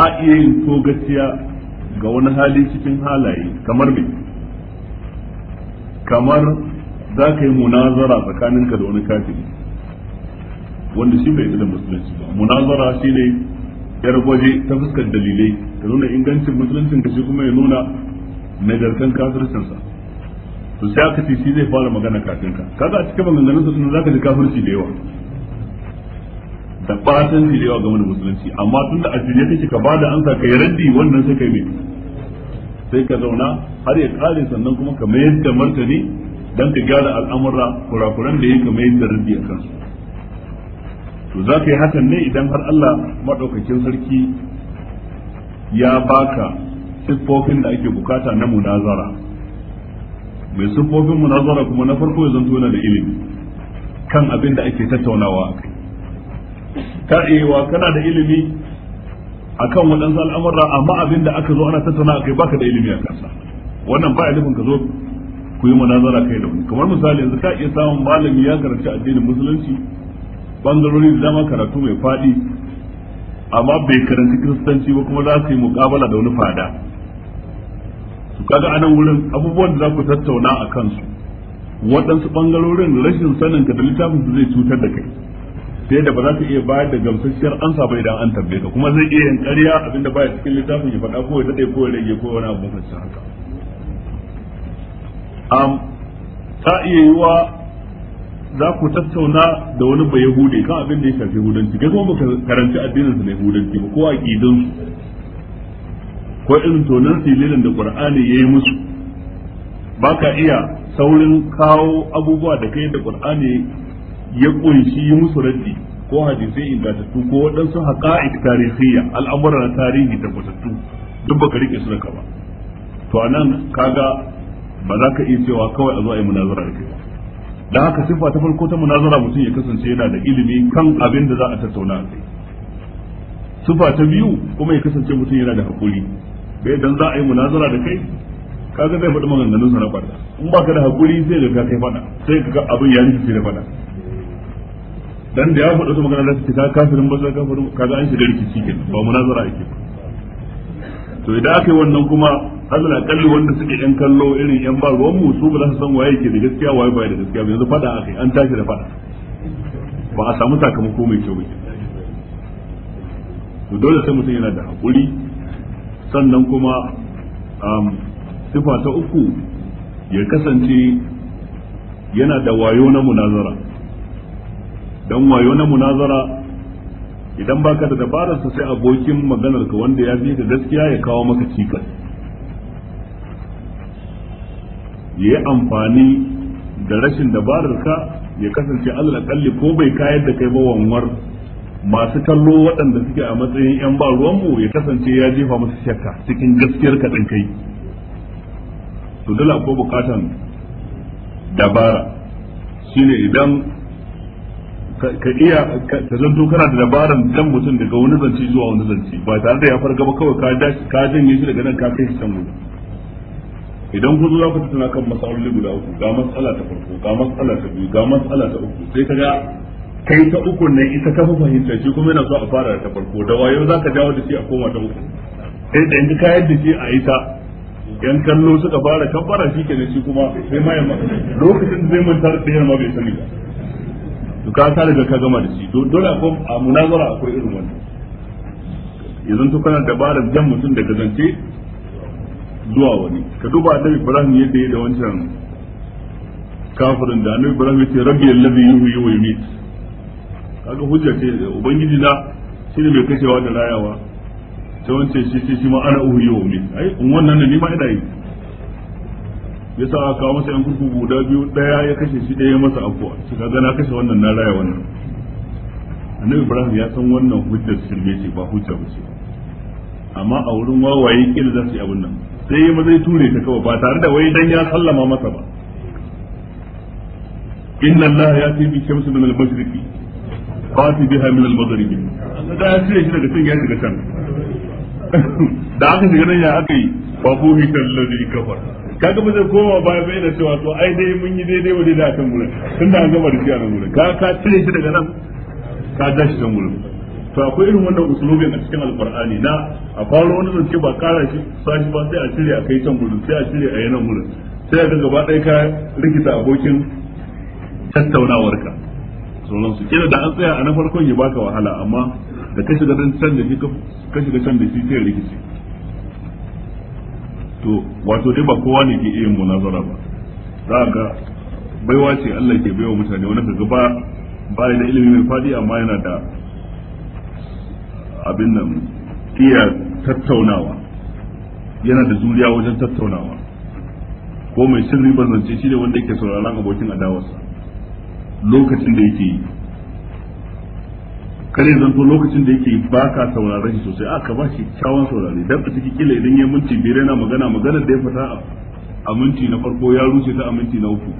a iya yin to gaciya ga wani hali cikin halaye kamar me kamar za ka yi munazara tsakaninka da wani kafiri wanda shi bai da musulunci ba munazara shi ne. yar waje ta fuskar dalilai ta nuna ingancin musuluncin ka shi kuma ya nuna nagartan kafircin sa to sai aka ce zai fara magana kafin ka kaga a cikin maganganun sa sunan zaka ji kafirci da yawa da batan da yawa game da musulunci amma tun da addini kake ka bada ansa ka yi raddi wannan sai kai ne sai ka zauna har ya kare sannan kuma ka mayar da martani dan ka gyara al'amura kurakuran da yake mayar da raddi a kansu to za ka yi hakan ne idan har Allah maɗaukakin sarki ya baka siffofin da ake bukata na munazara mai siffofin munazara kuma na farko ya zanto yana da ilimi kan abin da ake tattaunawa ka iya kana da ilimi a kan waɗansu al'amura amma abin da aka zo ana tattauna a kai baka da ilimi a kansa wannan ba nufin ka zo ku yi munazara kai da mu kamar misali yanzu ka iya samun malami ya karanci addinin musulunci bangarori da dama karatu mai faɗi amma bai karanta kiristanci ba kuma za su yi mukabala da wani fada su kaga anan wurin abubuwan da za ku tattauna a kansu waɗansu bangarorin rashin sanin ka da littafin su zai cutar da kai sai da ba za ta iya bayar da gamsasshiyar ansa ba idan an tambaye ka kuma zai iya yin ƙarya abinda baya cikin littafin ya faɗa ko ya daɗe ko ya rage ko wani abu mafi haka ta iya yiwa za ku tattauna da wani bai hude kan abin da ya shafi yahudanci ga ba karanci addinin su na yahudanci ba ko kidan su ko irin tonan sililin da qur'ani yayi musu baka iya saurin kawo abubuwa da kai da qur'ani ya kunshi musu raddi ko hadisai ingantattu ko waɗansu haqa'iq tarihiyya al'amuran tarihi da tabbatattu duk baka rike su da ka ba to anan kaga ba za ka iya cewa kawai a zo a yi munazara da kai ba da haka sifa ta farko ta munazara mutum ya kasance yana da ilimi kan abin da za a tattauna a kai sifa ta biyu kuma ya kasance mutum yana da hakuri da idan za a yi munazara da kai kaga zai faɗi maganganun sa na faɗa in ka da hakuri sai ga kai faɗa sai ka ga abin ya nufi da faɗa dan da ya faɗa wata magana da su ta kafirin ba za kafirin ga an shiga rikici kenan ba munazara ake ba to idan aka yi wannan kuma azal akalli wanda suke yan kallo irin yan ba ruwan mu su ba za su san waye ke da gaskiya waye ba da gaskiya yanzu fada akai an tashi da fada ba a samu sakamako mai kyau ba to dole sai mutum yana da hakuri sannan kuma um, sifa ta uku ya kasance yana da wayo na munazara don wayo na munazara idan baka da dabarar sai abokin maganar ka wanda ya fi ka gaskiya ya kawo maka cikas ya yi amfani da rashin dabarar ka ya kasance allah kalli ko bai kayar da kai ba wanwar masu kallo waɗanda suke a matsayin 'yan ba ruwanmu ya kasance ya jefa masu shakka cikin gaskiyar kaɗan kai su dala ko bukatan dabara shine idan ka iya ka zanto kana da dabaran dan mutum daga wani zanci zuwa wani zanci ba tare da ya farga ba kawai ka dashi ka janye shi daga nan ka kai shi can wuri idan ku zo za ku tuna kan masaloli guda uku ga matsala ta farko ga matsala ta biyu ga matsala ta uku sai ka ga kai ta uku ne ita ta fahimta shi kuma yana so a fara da ta farko da wayo za ka dawo da shi a koma ta uku sai da yanzu ka yadda shi a ita yan kallo suka fara kabbara shi kenan shi kuma sai ma yamma lokacin zai mun da ma bai sani ba to ka ka daga ka gama da shi to dole a munazara akwai irin wannan yanzu to kana dabarar jan mutum daga zance zuwa wani ka duba da ibrahim yadda ya da wancan kafirin da annabi ibrahim ya rabbi allazi yuhyi wa yumit kaga hujja ce ubangiji na shine mai kashewa da rayawa ta wancan shi shi ma ana uhu wa yumit ai wannan ne ma ina yi yasa aka kawo masa yan kurkuku guda biyu daya ya kashe shi daya masa afuwa shi kaga gana kashe wannan na raya wannan annabi ibrahim ya san wannan hujjar shirme ce ba hujja ba ce amma a wurin wawaye kila za su yi abin nan sai ya mazai ture ta kawai ba tare da wai dan ya sallama masa ba inna allah ya ce bi shamsu min al-mashriqi fati biha min al-maghribi da ya ce shi daga can ya shiga can [LAUGHS] da aka shiga nan ya aka yi fa buhi ladhi kafara kaga ba zai koma baya bai da cewa to ai dai mun yi daidai wa daidai a kan gurin tun da an gama da shi a nan gurin ka ka cire shi daga nan ka ja shi kan gurin to akwai irin wannan usulubin a cikin alqur'ani na a fara wani zance ba kara shi shi ba sai a cire a kai can gurin sai a cire a yanan gurin sai ga gaba ɗaya ka rikita abokin tattaunawarka sauran su kila da an tsaya a na farkon ya baka wahala amma da kashi shiga can da shi ka shiga can da shi sai rikici to wato dai ba kowa ne ke iya munazara ba za ga baiwa ce Allah ke baiwa mutane wani kaga ba ba da ilimi mai fadi amma yana da abin nan iya tattaunawa yana da zuriya wajen tattaunawa ko mai sirri bazance shi ne wanda yake sauraron abokin adawarsa lokacin da yake yi kare to lokacin da yake ba ka saurare shi sosai a ka ba shi kyawun saurare dan a cikin kila idan ya minti biyar yana magana magana da ya fita a minti na farko ya rushe ta a minti na uku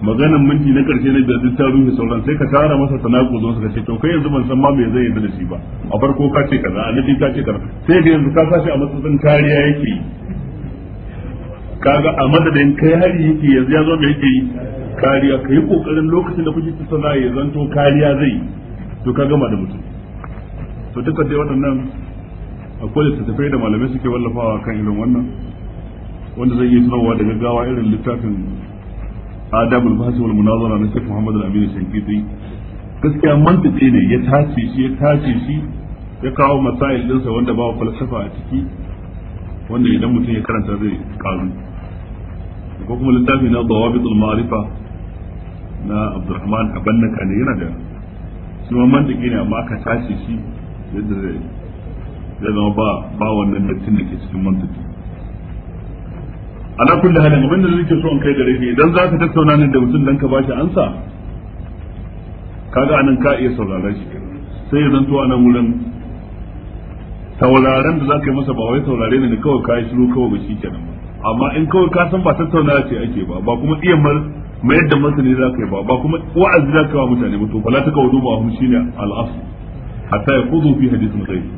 magana minti na karshe na biyar ta rushe sauran sai ka tara masa sanaku zo suka ce to kai yanzu ban san ma me zai yanzu da shi ba a farko ka ce kaza a nabi ka ce kaza sai da yanzu ka sashi a matsayin kariya yake yi kaga a madadin kai hari yake yanzu ya zo me yake yi kariya kai kokarin lokacin da kuke tsana ya zanto kariya zai yi to ka gama da mutum to duka dai waɗannan akwai littattafai da malamai suke wallafawa kan irin wannan wanda zai yi tunawa da gaggawa irin littafin al-fasih wal munazara na Sheikh Muhammad Al-Amin Shankiti gaskiya mantiki ne ya tace shi ya tace shi ya kawo masail sa wanda ba falsafa a ciki wanda idan mutum ya karanta zai karu ko kuma littafi na al ma'rifa na abdurrahman Abannaka ne yana da kuma da gini amma aka tashi shi yadda zai zai zama ba ba wannan dattin da ke cikin mantiki ana kulle halin abinda nake so in kai da rafi idan za ka tattauna ne da mutum dan ka ba shi ansa kaga anan ka iya saurara shi sai ya zanto anan wurin tauraren da za ka yi masa ba wai taurare ne kawai ka yi shiru kawai ba shi kenan ba amma in kawai ka san ba tattauna ce ake ba ba kuma iya mar. mai yadda masani za ka yi ba ba kuma wa'azi za ka yi wa mutane ba to fala ta kawo duba hum shine al'asu hatta ya kudu fi na ghairi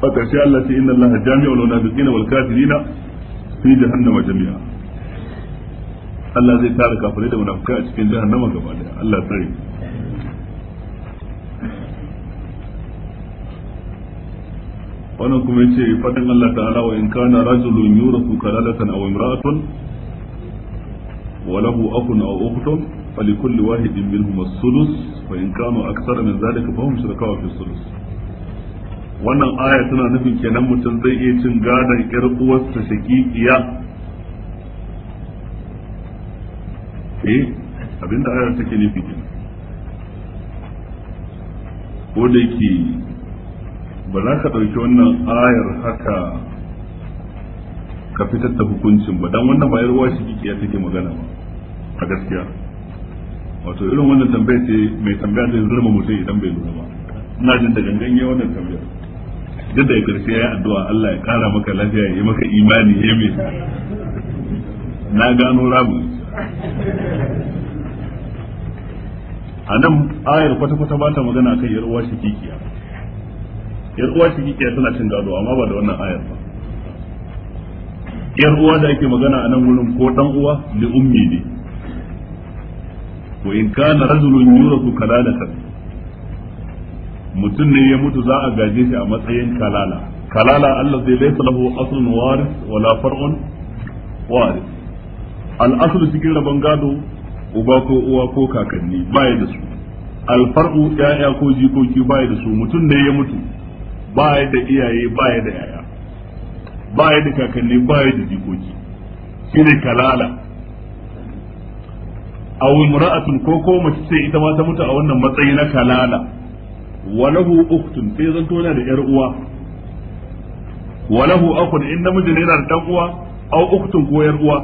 a ƙarshe Allah ce inna Allah jami'ul munafiqina wal kafirina fi jahannama jami'a Allah zai tara kafirai da munafikai a cikin jahannama gaba daya Allah tsare wannan kuma yace fadin Allah ta'ala wa in kana rajulun yurasu kalalatan aw imra'atun وله أخ أو أخت فلكل واحد منهم الثلث فإن كانوا أكثر من ذلك فهم شركاء في الثلث wannan aya tana nufin kenan mutum zai iya cin gadon ƴar uwarsa shakikiya eh abinda aya take nufi kenan ko da yake ba za ka ɗauki wannan ayar haka ka fitar da hukuncin ba dan wannan ba yarwa shi kike ya take magana ba a gaskiya wato irin wannan tambayar ce mai tambaya zai zurma mutum idan bai lura ba ina jin da gangan ya wannan tambayar duk da ya karshe ya addu'a Allah ya kara maka lafiya ya maka imani ya mai na gano ramu a nan ayar kwata-kwata ba ta magana kan yar uwa shikikiya yar uwa shikikiya tana cin gado amma ba da wannan ayar ba yar uwa da ake magana a nan wurin ko dan uwa li ummi ne wa in kana rajulun yurasu kalalatan mutum ne ya mutu za a gaje shi a matsayin kalala kalala Allah zai laisa lahu aslun waris wala far'un waris al cikin rabon gado uba uwa ko kakanni baya da su alfar'u ya'ya ko jikoki baya da su mutum ne ya mutu baya da iyaye baya da yaya baya da kakanni baya da jikoki shine kalala aw imra'atun ko ko mace ce ita ma ta mutu a wannan matsayi na kalala walahu ukhtun sai zanto yana da yar uwa walahu akun in namiji ne yana da dan uwa aw ukhtun ko yar uwa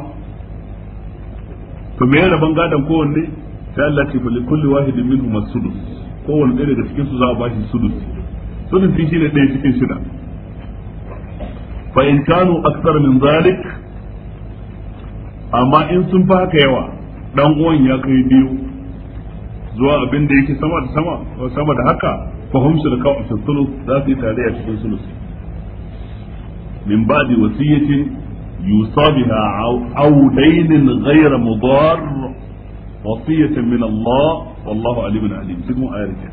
to me ban gadan kowanne sai Allah ce bi kulli wahidin minhum as-sudus kowanne ɗaya daga cikin su za a bashi sudus sudus shi ne ɗaya cikin shida fa in kanu aktsar min zalik amma in sun fa haka yawa dan uwan ya kai biyu zuwa abin da yake sama da sama sama da haka fahimsu da kawo sulus za su yi tare a cikin sulus min ba'di wasiyatin yusabiha audainin ghayra mudar wasiyatan min Allah wallahu alimun alim cikin ayar ke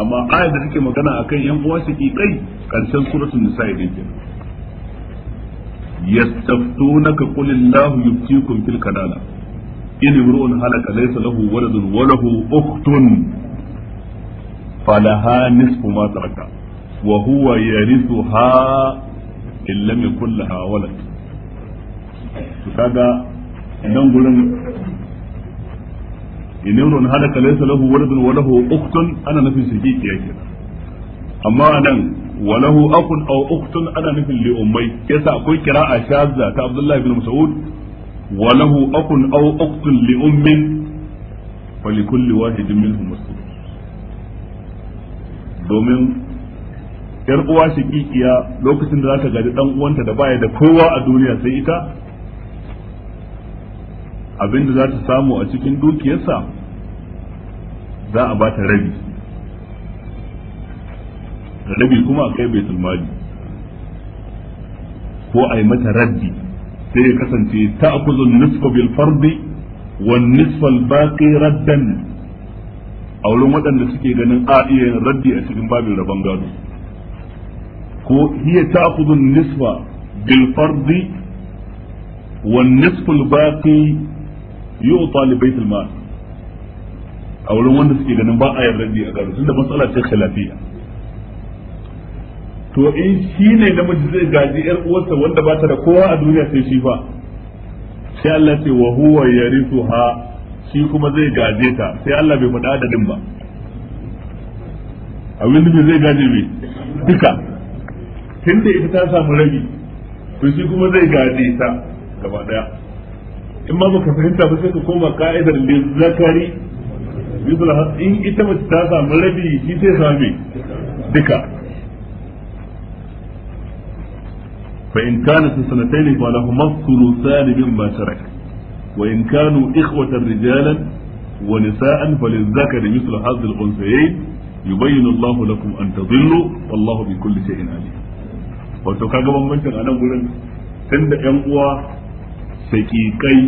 amma ayar da take magana akan yan uwa shi kai karshen suratul nisa din kenan yastaftunaka qul illahu yuftikum fil kalala in imru'un halaka laysa ana amma nan walahu akun aw ukhtun ana nufin li ummai yasa akwai qira'a shazza ta Abdullah ibn Mas'ud walahu akun aw ukhtun li ummin falikulli wahidin minhum mas'ud domin yar uwa shakikiya lokacin da za ta gaji dan uwanta da baya da kowa a duniya sai ita abinda za ta samu a cikin dukiyarsa za a ba ta rabi rabi kuma a kai baitul mali ko a mata raddi sai ya kasance ta'khudhu an-nisfa bil fardi wan nisfa al-baqi raddan a wurin waɗanda suke ganin a iya yin raddi a cikin babin rabon gado ko hiya ta'khudhu an-nisfa bil fardi wan nisfa al-baqi yu'ta li baitul mal a wurin wanda suke ganin ba a yin raddi a gado tunda matsala ce khilafiyya to in shi ne mace zai gaji yar uwarsa wanda ba ta da kowa a duniya sai shi fa sai Allah ce wa huwa yarithuha shi kuma zai gaje ta sai Allah bai faɗa din ba abin da zai gaje mai duka da ita ta samu rabi to shi kuma zai gaje ta gaba daya in ma baka fahimta ba sai ka koma ka'idar da zakari in ita mace ta samu rabi shi sai sami duka فإن كانت سنتين فلهما الثلثان مما ترك وإن كانوا إخوة رجالا ونساء فللذكر مثل حظ الأنثيين يبين الله لكم أن تضلوا والله بكل شيء عليم wato kaga bambancin a nan gurin tunda yan uwa sakikai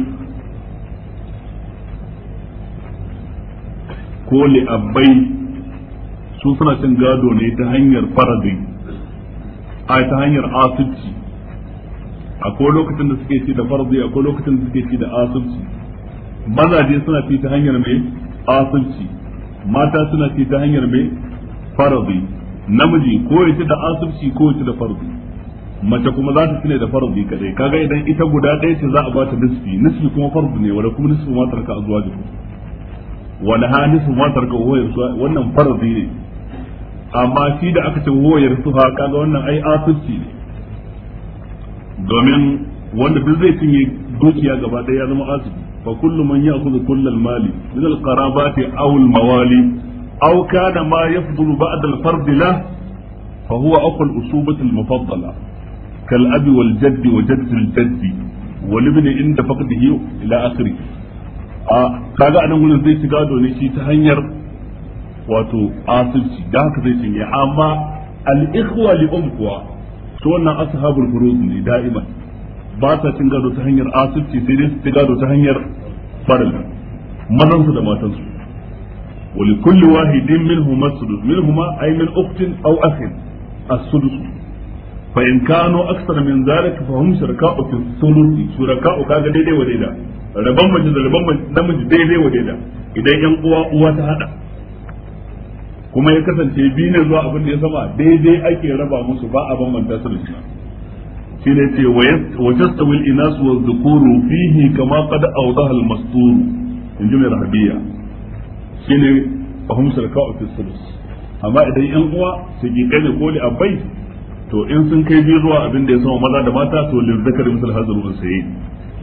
ko li'abbai su suna cin gado ne ta hanyar faradin a ta hanyar asibci akwai lokacin da suke ci da farzi akwai lokacin da suke ci da asubci mazaje suna ci ta hanyar mai asubci mata suna ci ta hanyar mai farzi namiji ko ya ci da asubci ko ya ci da farzi mace kuma za ta ci ne da farzi kadai kaga idan ita guda ɗaya ce za a ba ta nisfi nisfi kuma farzi ne wala kuma nisfi ma ka azwa da wala ha nisfi ma tarka uwa wannan farzi ne amma shi da aka ce uwa yarsuha kaga wannan ai asubci ne domin wanda duk zai cinye dukiya gaba ɗaya ya zama asibi fa kullu man ya'khudhu kullal mali min al qarabati aw al mawali aw kana ma yafdulu ba'da al fard lah fa huwa aqu usubati al mufaddala kal abi wal jadd wa jadd al jadd wal ibn inda faqdihi ila akhirih a kaga anan gurin zai shiga dole shi ta hanyar wato asibci da haka zai cinye amma al ikhwa li um kuwa to wannan ashabul furuz ne da'iman ba ta cin gado ta hanyar asibci sai dai su gado ta hanyar farin mazansu da matansu wali kulli wahidin minhum as-sudus minhum ay min uqtin aw akhin as-sudus fa in kanu akthar min zalika fa hum shuraka'u fi thuluthi shuraka'u kaga daidai wa daida rabban mace da rabban namiji daidai wa daida idan yan uwa uwa ta hada kuma ya kasance biyu ne zuwa abin da ya zama, daidai ake raba musu ba a bambanta su da shi. shi ne ce wa yastawil inas wa dhukuru fihi kama qad awdaha al mastur ji mai rahabiya shi ne fahimtar kawo fi sulus amma idan yan uwa su ki kai ko li abai to in sun kai biyu zuwa abin da ya zama maza da mata to lil zakari misal hazru unsayi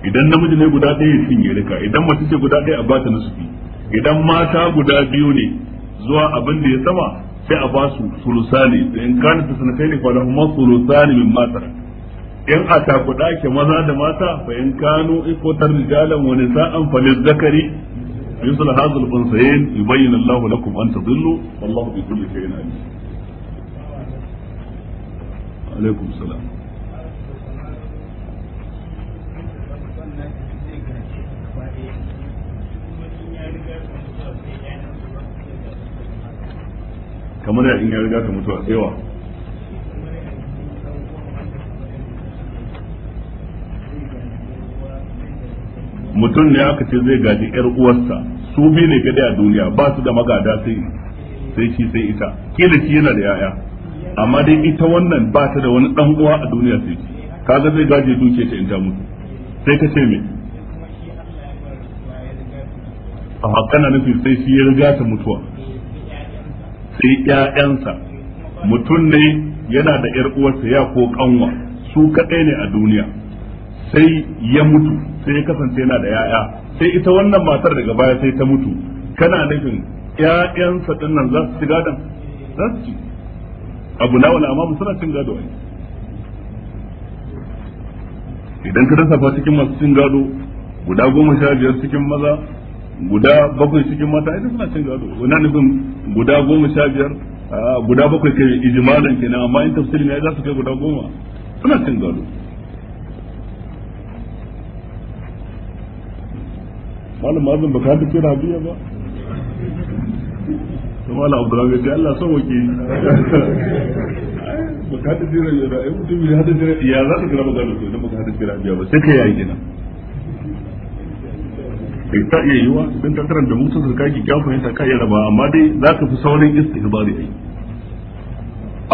idan namiji ne guda ɗaya ya cinye rika idan mace ce guda ɗaya a bata nasufi idan mata guda biyu ne zuwa abin da ya sama sai a ba su sulusani da in kana ta sanatai ne kwallon ma sulusani min matar in a takuɗa ke maza da mata fa in kanu ikotar rijalan wani sa'an falil zakari yusuf hazul unsayin yubayyana Allah lakum an tadillu wallahu bi kulli shay'in alim alaikum salam kamar ya in ya riga ka mutuwa tsewa. mutum ne aka ce zai gaji yar uwarsa su biyu ne gade a duniya ba su da magada sai sai shi sai ita ke da shi yana da yaya amma dai ita wannan ba ta da wani dan uwa a duniya sai shi kaga zai gaji duke ta in ta mutu sai ka ce me a hakana nufi sai shi ya riga ta mutuwa sai ƴaƴansa mutum ne yana da ƴar uwarsa ya ko kanwa su kadai ne a duniya sai ya mutu sai ya kasance yana da ƴaƴa sai ita wannan matar daga baya sai ta mutu kana nufin ƴaƴansa dinnan za su ci gadon za su ci abu na wani amma suna cin gado ai idan ka dasafa cikin masu cin gado guda goma sha biyar cikin maza guda bakwai cikin mata idan suna cin gado wannan nufin guda goma sha biyar guda bakwai ke ijmalan kenan amma in tafsirin ya za su kai guda goma suna cin gado malam mazin baka hada kira biya ba kuma ala abdullahi ya ce Allah son wake baka hada kira ya mutum ya za ta kira ba to idan baka hada kira biya ba sai ka yayi gina ta iya yiwa don tattara da mutum su kaki ya fahimta ka iya raba amma dai za ka fi saurin iska ka bari ayi.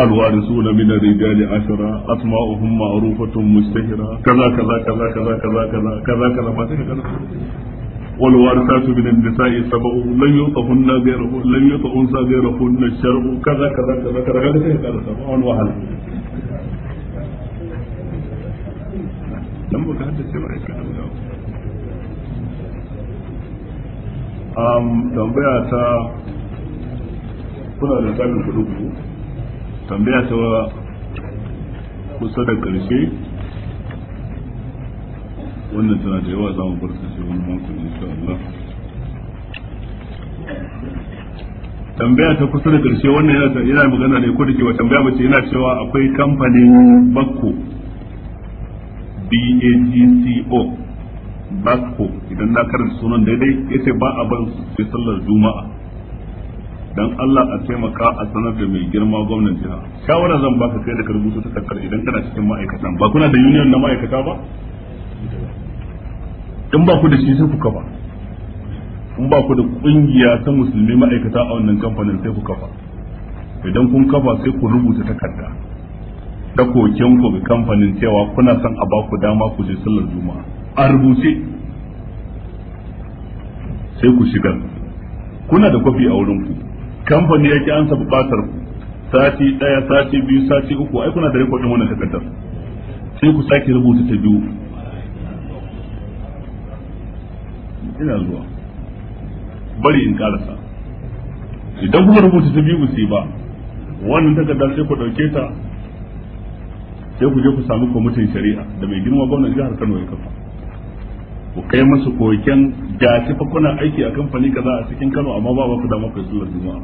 alwari suna mina rijali ashara asma'uhum ma'rufatun mustahira kaza kaza kaza kaza kaza kaza kaza kaza ma sai ka kana والوارثات من النساء سبع لن يطهن غيره لن يطهن غيره الشرع كذا كذا كذا كذا كذا كذا كذا كذا كذا كذا كذا كذا كذا كذا كذا كذا كذا tambaya ta kuna da tsarin kudu ku tambaya ta kusa da karshe wannan tana da yawa za mu bar ta ce wani mako insha Allah tambaya ta kusa da karshe wannan yana yana magana ne ko dake wa tambaya mace yana cewa akwai kamfanin Bakko BAGCO basko idan na karanta sunan daidai yace ba a ban sai sallar juma'a dan Allah a taimaka a sanar da mai girma gwamnatin jiha shawara zan baka kai da karbutu ta takardar idan kana cikin ma'aikatan ba kuna da union na ma'aikata ba in ba ku da shi sai ku kafa in ba ku da kungiya ta musulmi ma'aikata a wannan kamfanin sai ku kafa idan kun kafa sai ku rubuta takarda da kokin ku ga kamfanin cewa kuna son a ba ku dama ku je sallar juma'a a rubuce sai ku shigar kuna da kwafi a wurin ku kamfani ya ki ansa bukatar ku sati daya sati biyu sati uku ai kuna da rikodin wannan takardar sai ku sake rubuta ta biyu ina zuwa bari in karasa idan kuma rubuta ta biyu sai ba wannan takardar sai ku dauke ta sai ku je ku samu kwamitin shari'a da mai girma gwamnati jihar Kano ya kafa ku kai masu koken ga fa kuna aiki a kamfani kaza a cikin Kano amma ba ku da muku sallar juma'a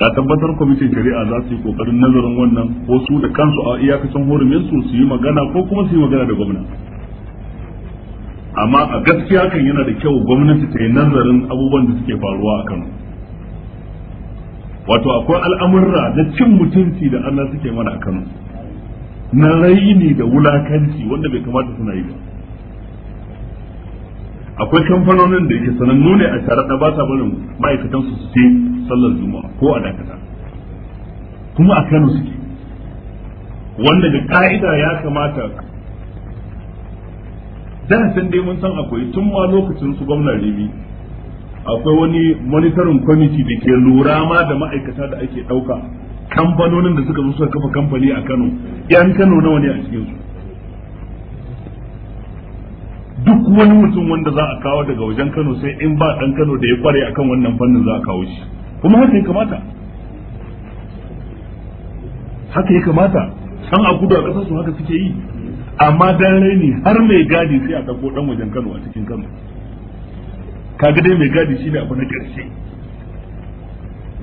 da tabbatar kwamitin shari'a za su yi kokarin nazarin wannan ko su da kansu a iyakacin hurumin su su yi magana ko kuma su yi magana da gwamna amma a gaskiya kan yana da kyau gwamnati ta yi nazarin abubuwan da suke faruwa a Kano wato akwai al'amurra na cin mutunci da Allah suke mana a Kano na raini da wulakanci wanda bai kamata suna yi ba akwai kamfanonin da yake sanannu ne a da ba sa barin ma'aikatan su su ce sallar juma'a ko a dakata kuma a kano suke wanda da ka'ida ya kamata da san dai mun san akwai tun ma lokacin su gwamna rimi akwai wani monitorin kwamiti da ke lura ma da ma'aikata da ake ɗauka kamfanonin da suka zo suka kafa kamfani a kano yan kano nawa ne a cikinsu duk wani mutum wanda za a kawo daga wajen Kano sai in ba dan Kano da ya kware akan wannan fannin za a kawo shi kuma haka ya kamata haka ya kamata san a gudu a kasar su haka suke yi amma dan raini har mai gadi sai a dauko dan wajen Kano a cikin Kano kaga dai mai gadi shine abu na karshe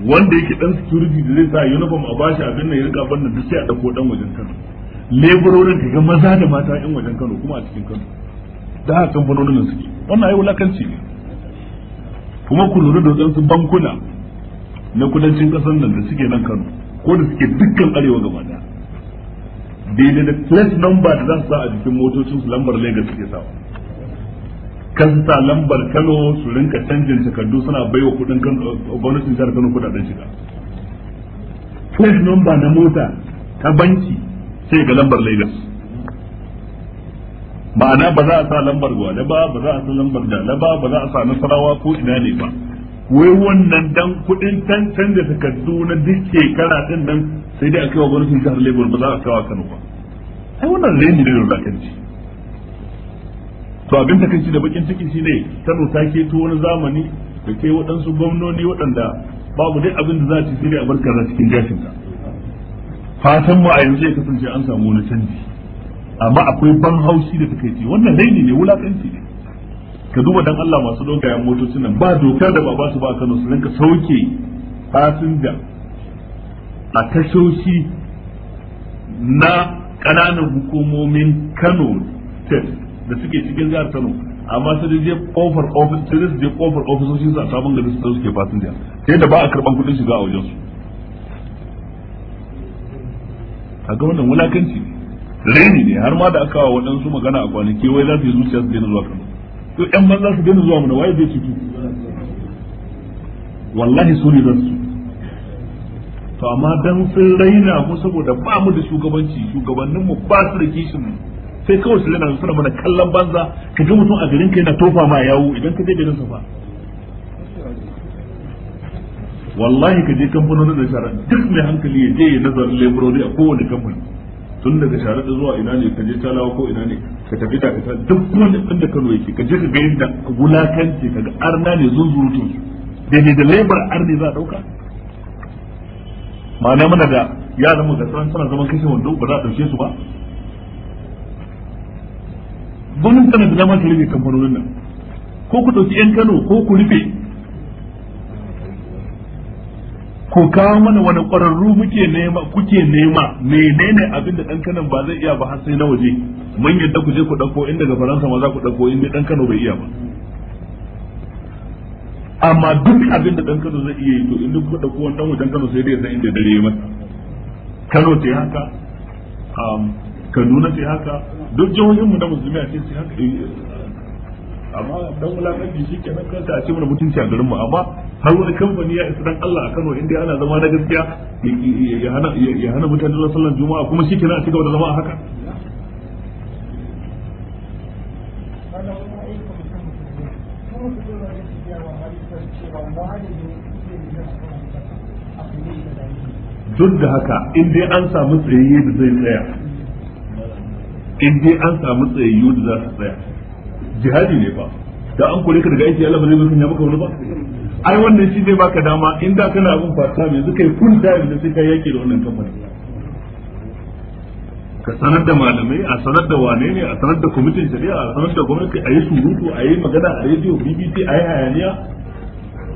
wanda yake dan security da zai sa uniform a bashi abin binne ya rika bannan duk sai a dauko dan wajen Kano leburorin ga maza da mata yan wajen Kano kuma a cikin Kano da haka kamfanonin suke wannan ayi wulakanci ne kuma ku lura da wadansu bankuna na kudancin kasar nan da suke nan Kano ko da suke dukkan arewa gaba daya daidai da plate number da za su sa a jikin motocin su lambar Lagos suke sawa kan sa lambar Kano su rinka canjin takardu suna baiwa kudin gwamnatin jihar Kano kudaden shiga plate number na mota ta banki sai ga lambar Lagos ma'ana ba za a sa lambar gwale ba ba za a sa lambar dala ba ba za a sa nasarawa ko ina ne ba wai wannan dan kudin tantan da takardu na duk shekara din nan sai dai a kai wa gwamnatin jihar Lagos ba za a kawo Kano ba ai wannan reni ne da kanci to abin da kanci da bakin ciki shine Kano ta keto wani zamani da ke waɗansu gwamnoni waɗanda babu dai abin da za ci sai dai a barkar cikin gashin ta fatan mu a yanzu ya kasance an samu wani canji amma akwai ban haushi da ce wannan laini ne wulakanci ne ka duba dan Allah masu dogayen motocin nan ba dokar da ba ba su ba Kano su rinka sauke fasinja a tashoshi na ƙananan hukumomin Kano state da suke cikin jihar Kano amma su je kofar ofis sai su je kofar ofisoshin su a sabon gari su suke fasinja sai da ba a karban kuɗin shiga a wajen su a ga wannan wulakanci ne raini ne har ma da aka wa waɗansu magana a kwanaki wai za su yi zuciya su daina zuwa kano to ƴan za su daina zuwa mu waye zai ciki wallahi su ne zan su to amma dan sun raina mu saboda ba mu da shugabanci shugabannin mu ba su da kishin mu sai kawai su lana suna mana kallon banza ka ga mutum a garin ka yana tofa ma yawo idan ka je garin sa fa wallahi ka je kamfanonin da shara duk mai hankali ya je ya nazarin leburori a kowane kamfani tun daga da zuwa ina ne ka je talawa ko ina ne ka tafi ta ta duk wani ɗan da kano yake ka je ka ga yadda wulakanci ka ga arna ne zurutu da ne da laibar arne za a ɗauka ma'ana mana da ya zama da tsaron suna zaman kashe wando ba za a ɗauke su ba gwamnati tana da dama ta rufe kamfanonin nan ko ku ɗauki 'yan kano ko ku rufe ko kawo mana wani ƙwararru muke nema kuke nema menene abin da ɗan kanan ba zai iya ba har sai na waje mun yadda ku je ku ɗauko inda daga faransa ma za ku ɗauko inda ɗan kano bai iya ba amma duk abin da ɗan kano zai iya yi to in duk ɗauko wani ɗan wajen kano sai dai san inda dare ya masa kano ce haka kaduna ce haka duk jihohin mu na musulmi a ce haka amma dan wulakanci shi ke nan kanta a ce mana mutunci a garinmu amma har wani kamfani ya isa dan Allah a Kano inda ana zama na gaskiya ya hana ya hana mutane da sallar juma'a kuma shi kenan a cigaba da zama a haka duk da haka in dai an samu tsayayye da zai tsaya in dai an samu tsayayyu da za su tsaya jihadi ne ba da an kore ka daga aiki Allah ba zai musanya maka wani ba ai wannan shi zai baka dama in da kana abin fata yanzu kai full time da sai ka yake da wannan kamfani ka sanar da malamai a sanar da wane ne a sanar da kwamitin shari'a a sanar da gwamnati a yi surutu a yi magana a rediyo bbc a yi hayaniya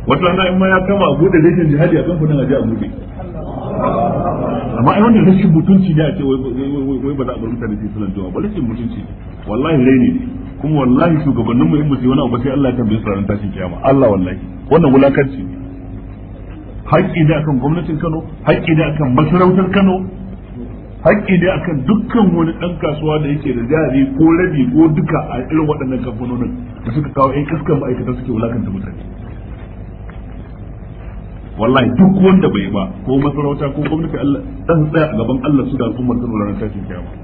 wata rana in ma ya kama a bude rashin jihadi a kamfanin a aje a bude amma ai wannan rashin mutunci ne a ce wai ba za a bar mutane su yi sulan jawa ba rashin mutunci wallahi raini ne kuma wallahi shugabannin mu in musu wani abu sai Allah ya tambaye su ranar tashin kiyama Allah wallahi wannan wulakanci ne haƙƙi ne akan gwamnatin Kano haƙƙi ne akan masarautar Kano haƙƙi ne akan dukkan wani ɗan kasuwa da yake da jari ko rabi ko duka a irin waɗannan kamfanonin da suka kawo ƴan kaskan ma'aikata suke wulakanta mutane wallahi duk wanda bai ba ko masarauta ko gwamnati Allah dan tsaya a gaban Allah su da al'ummar Kano ranar tashin kiyama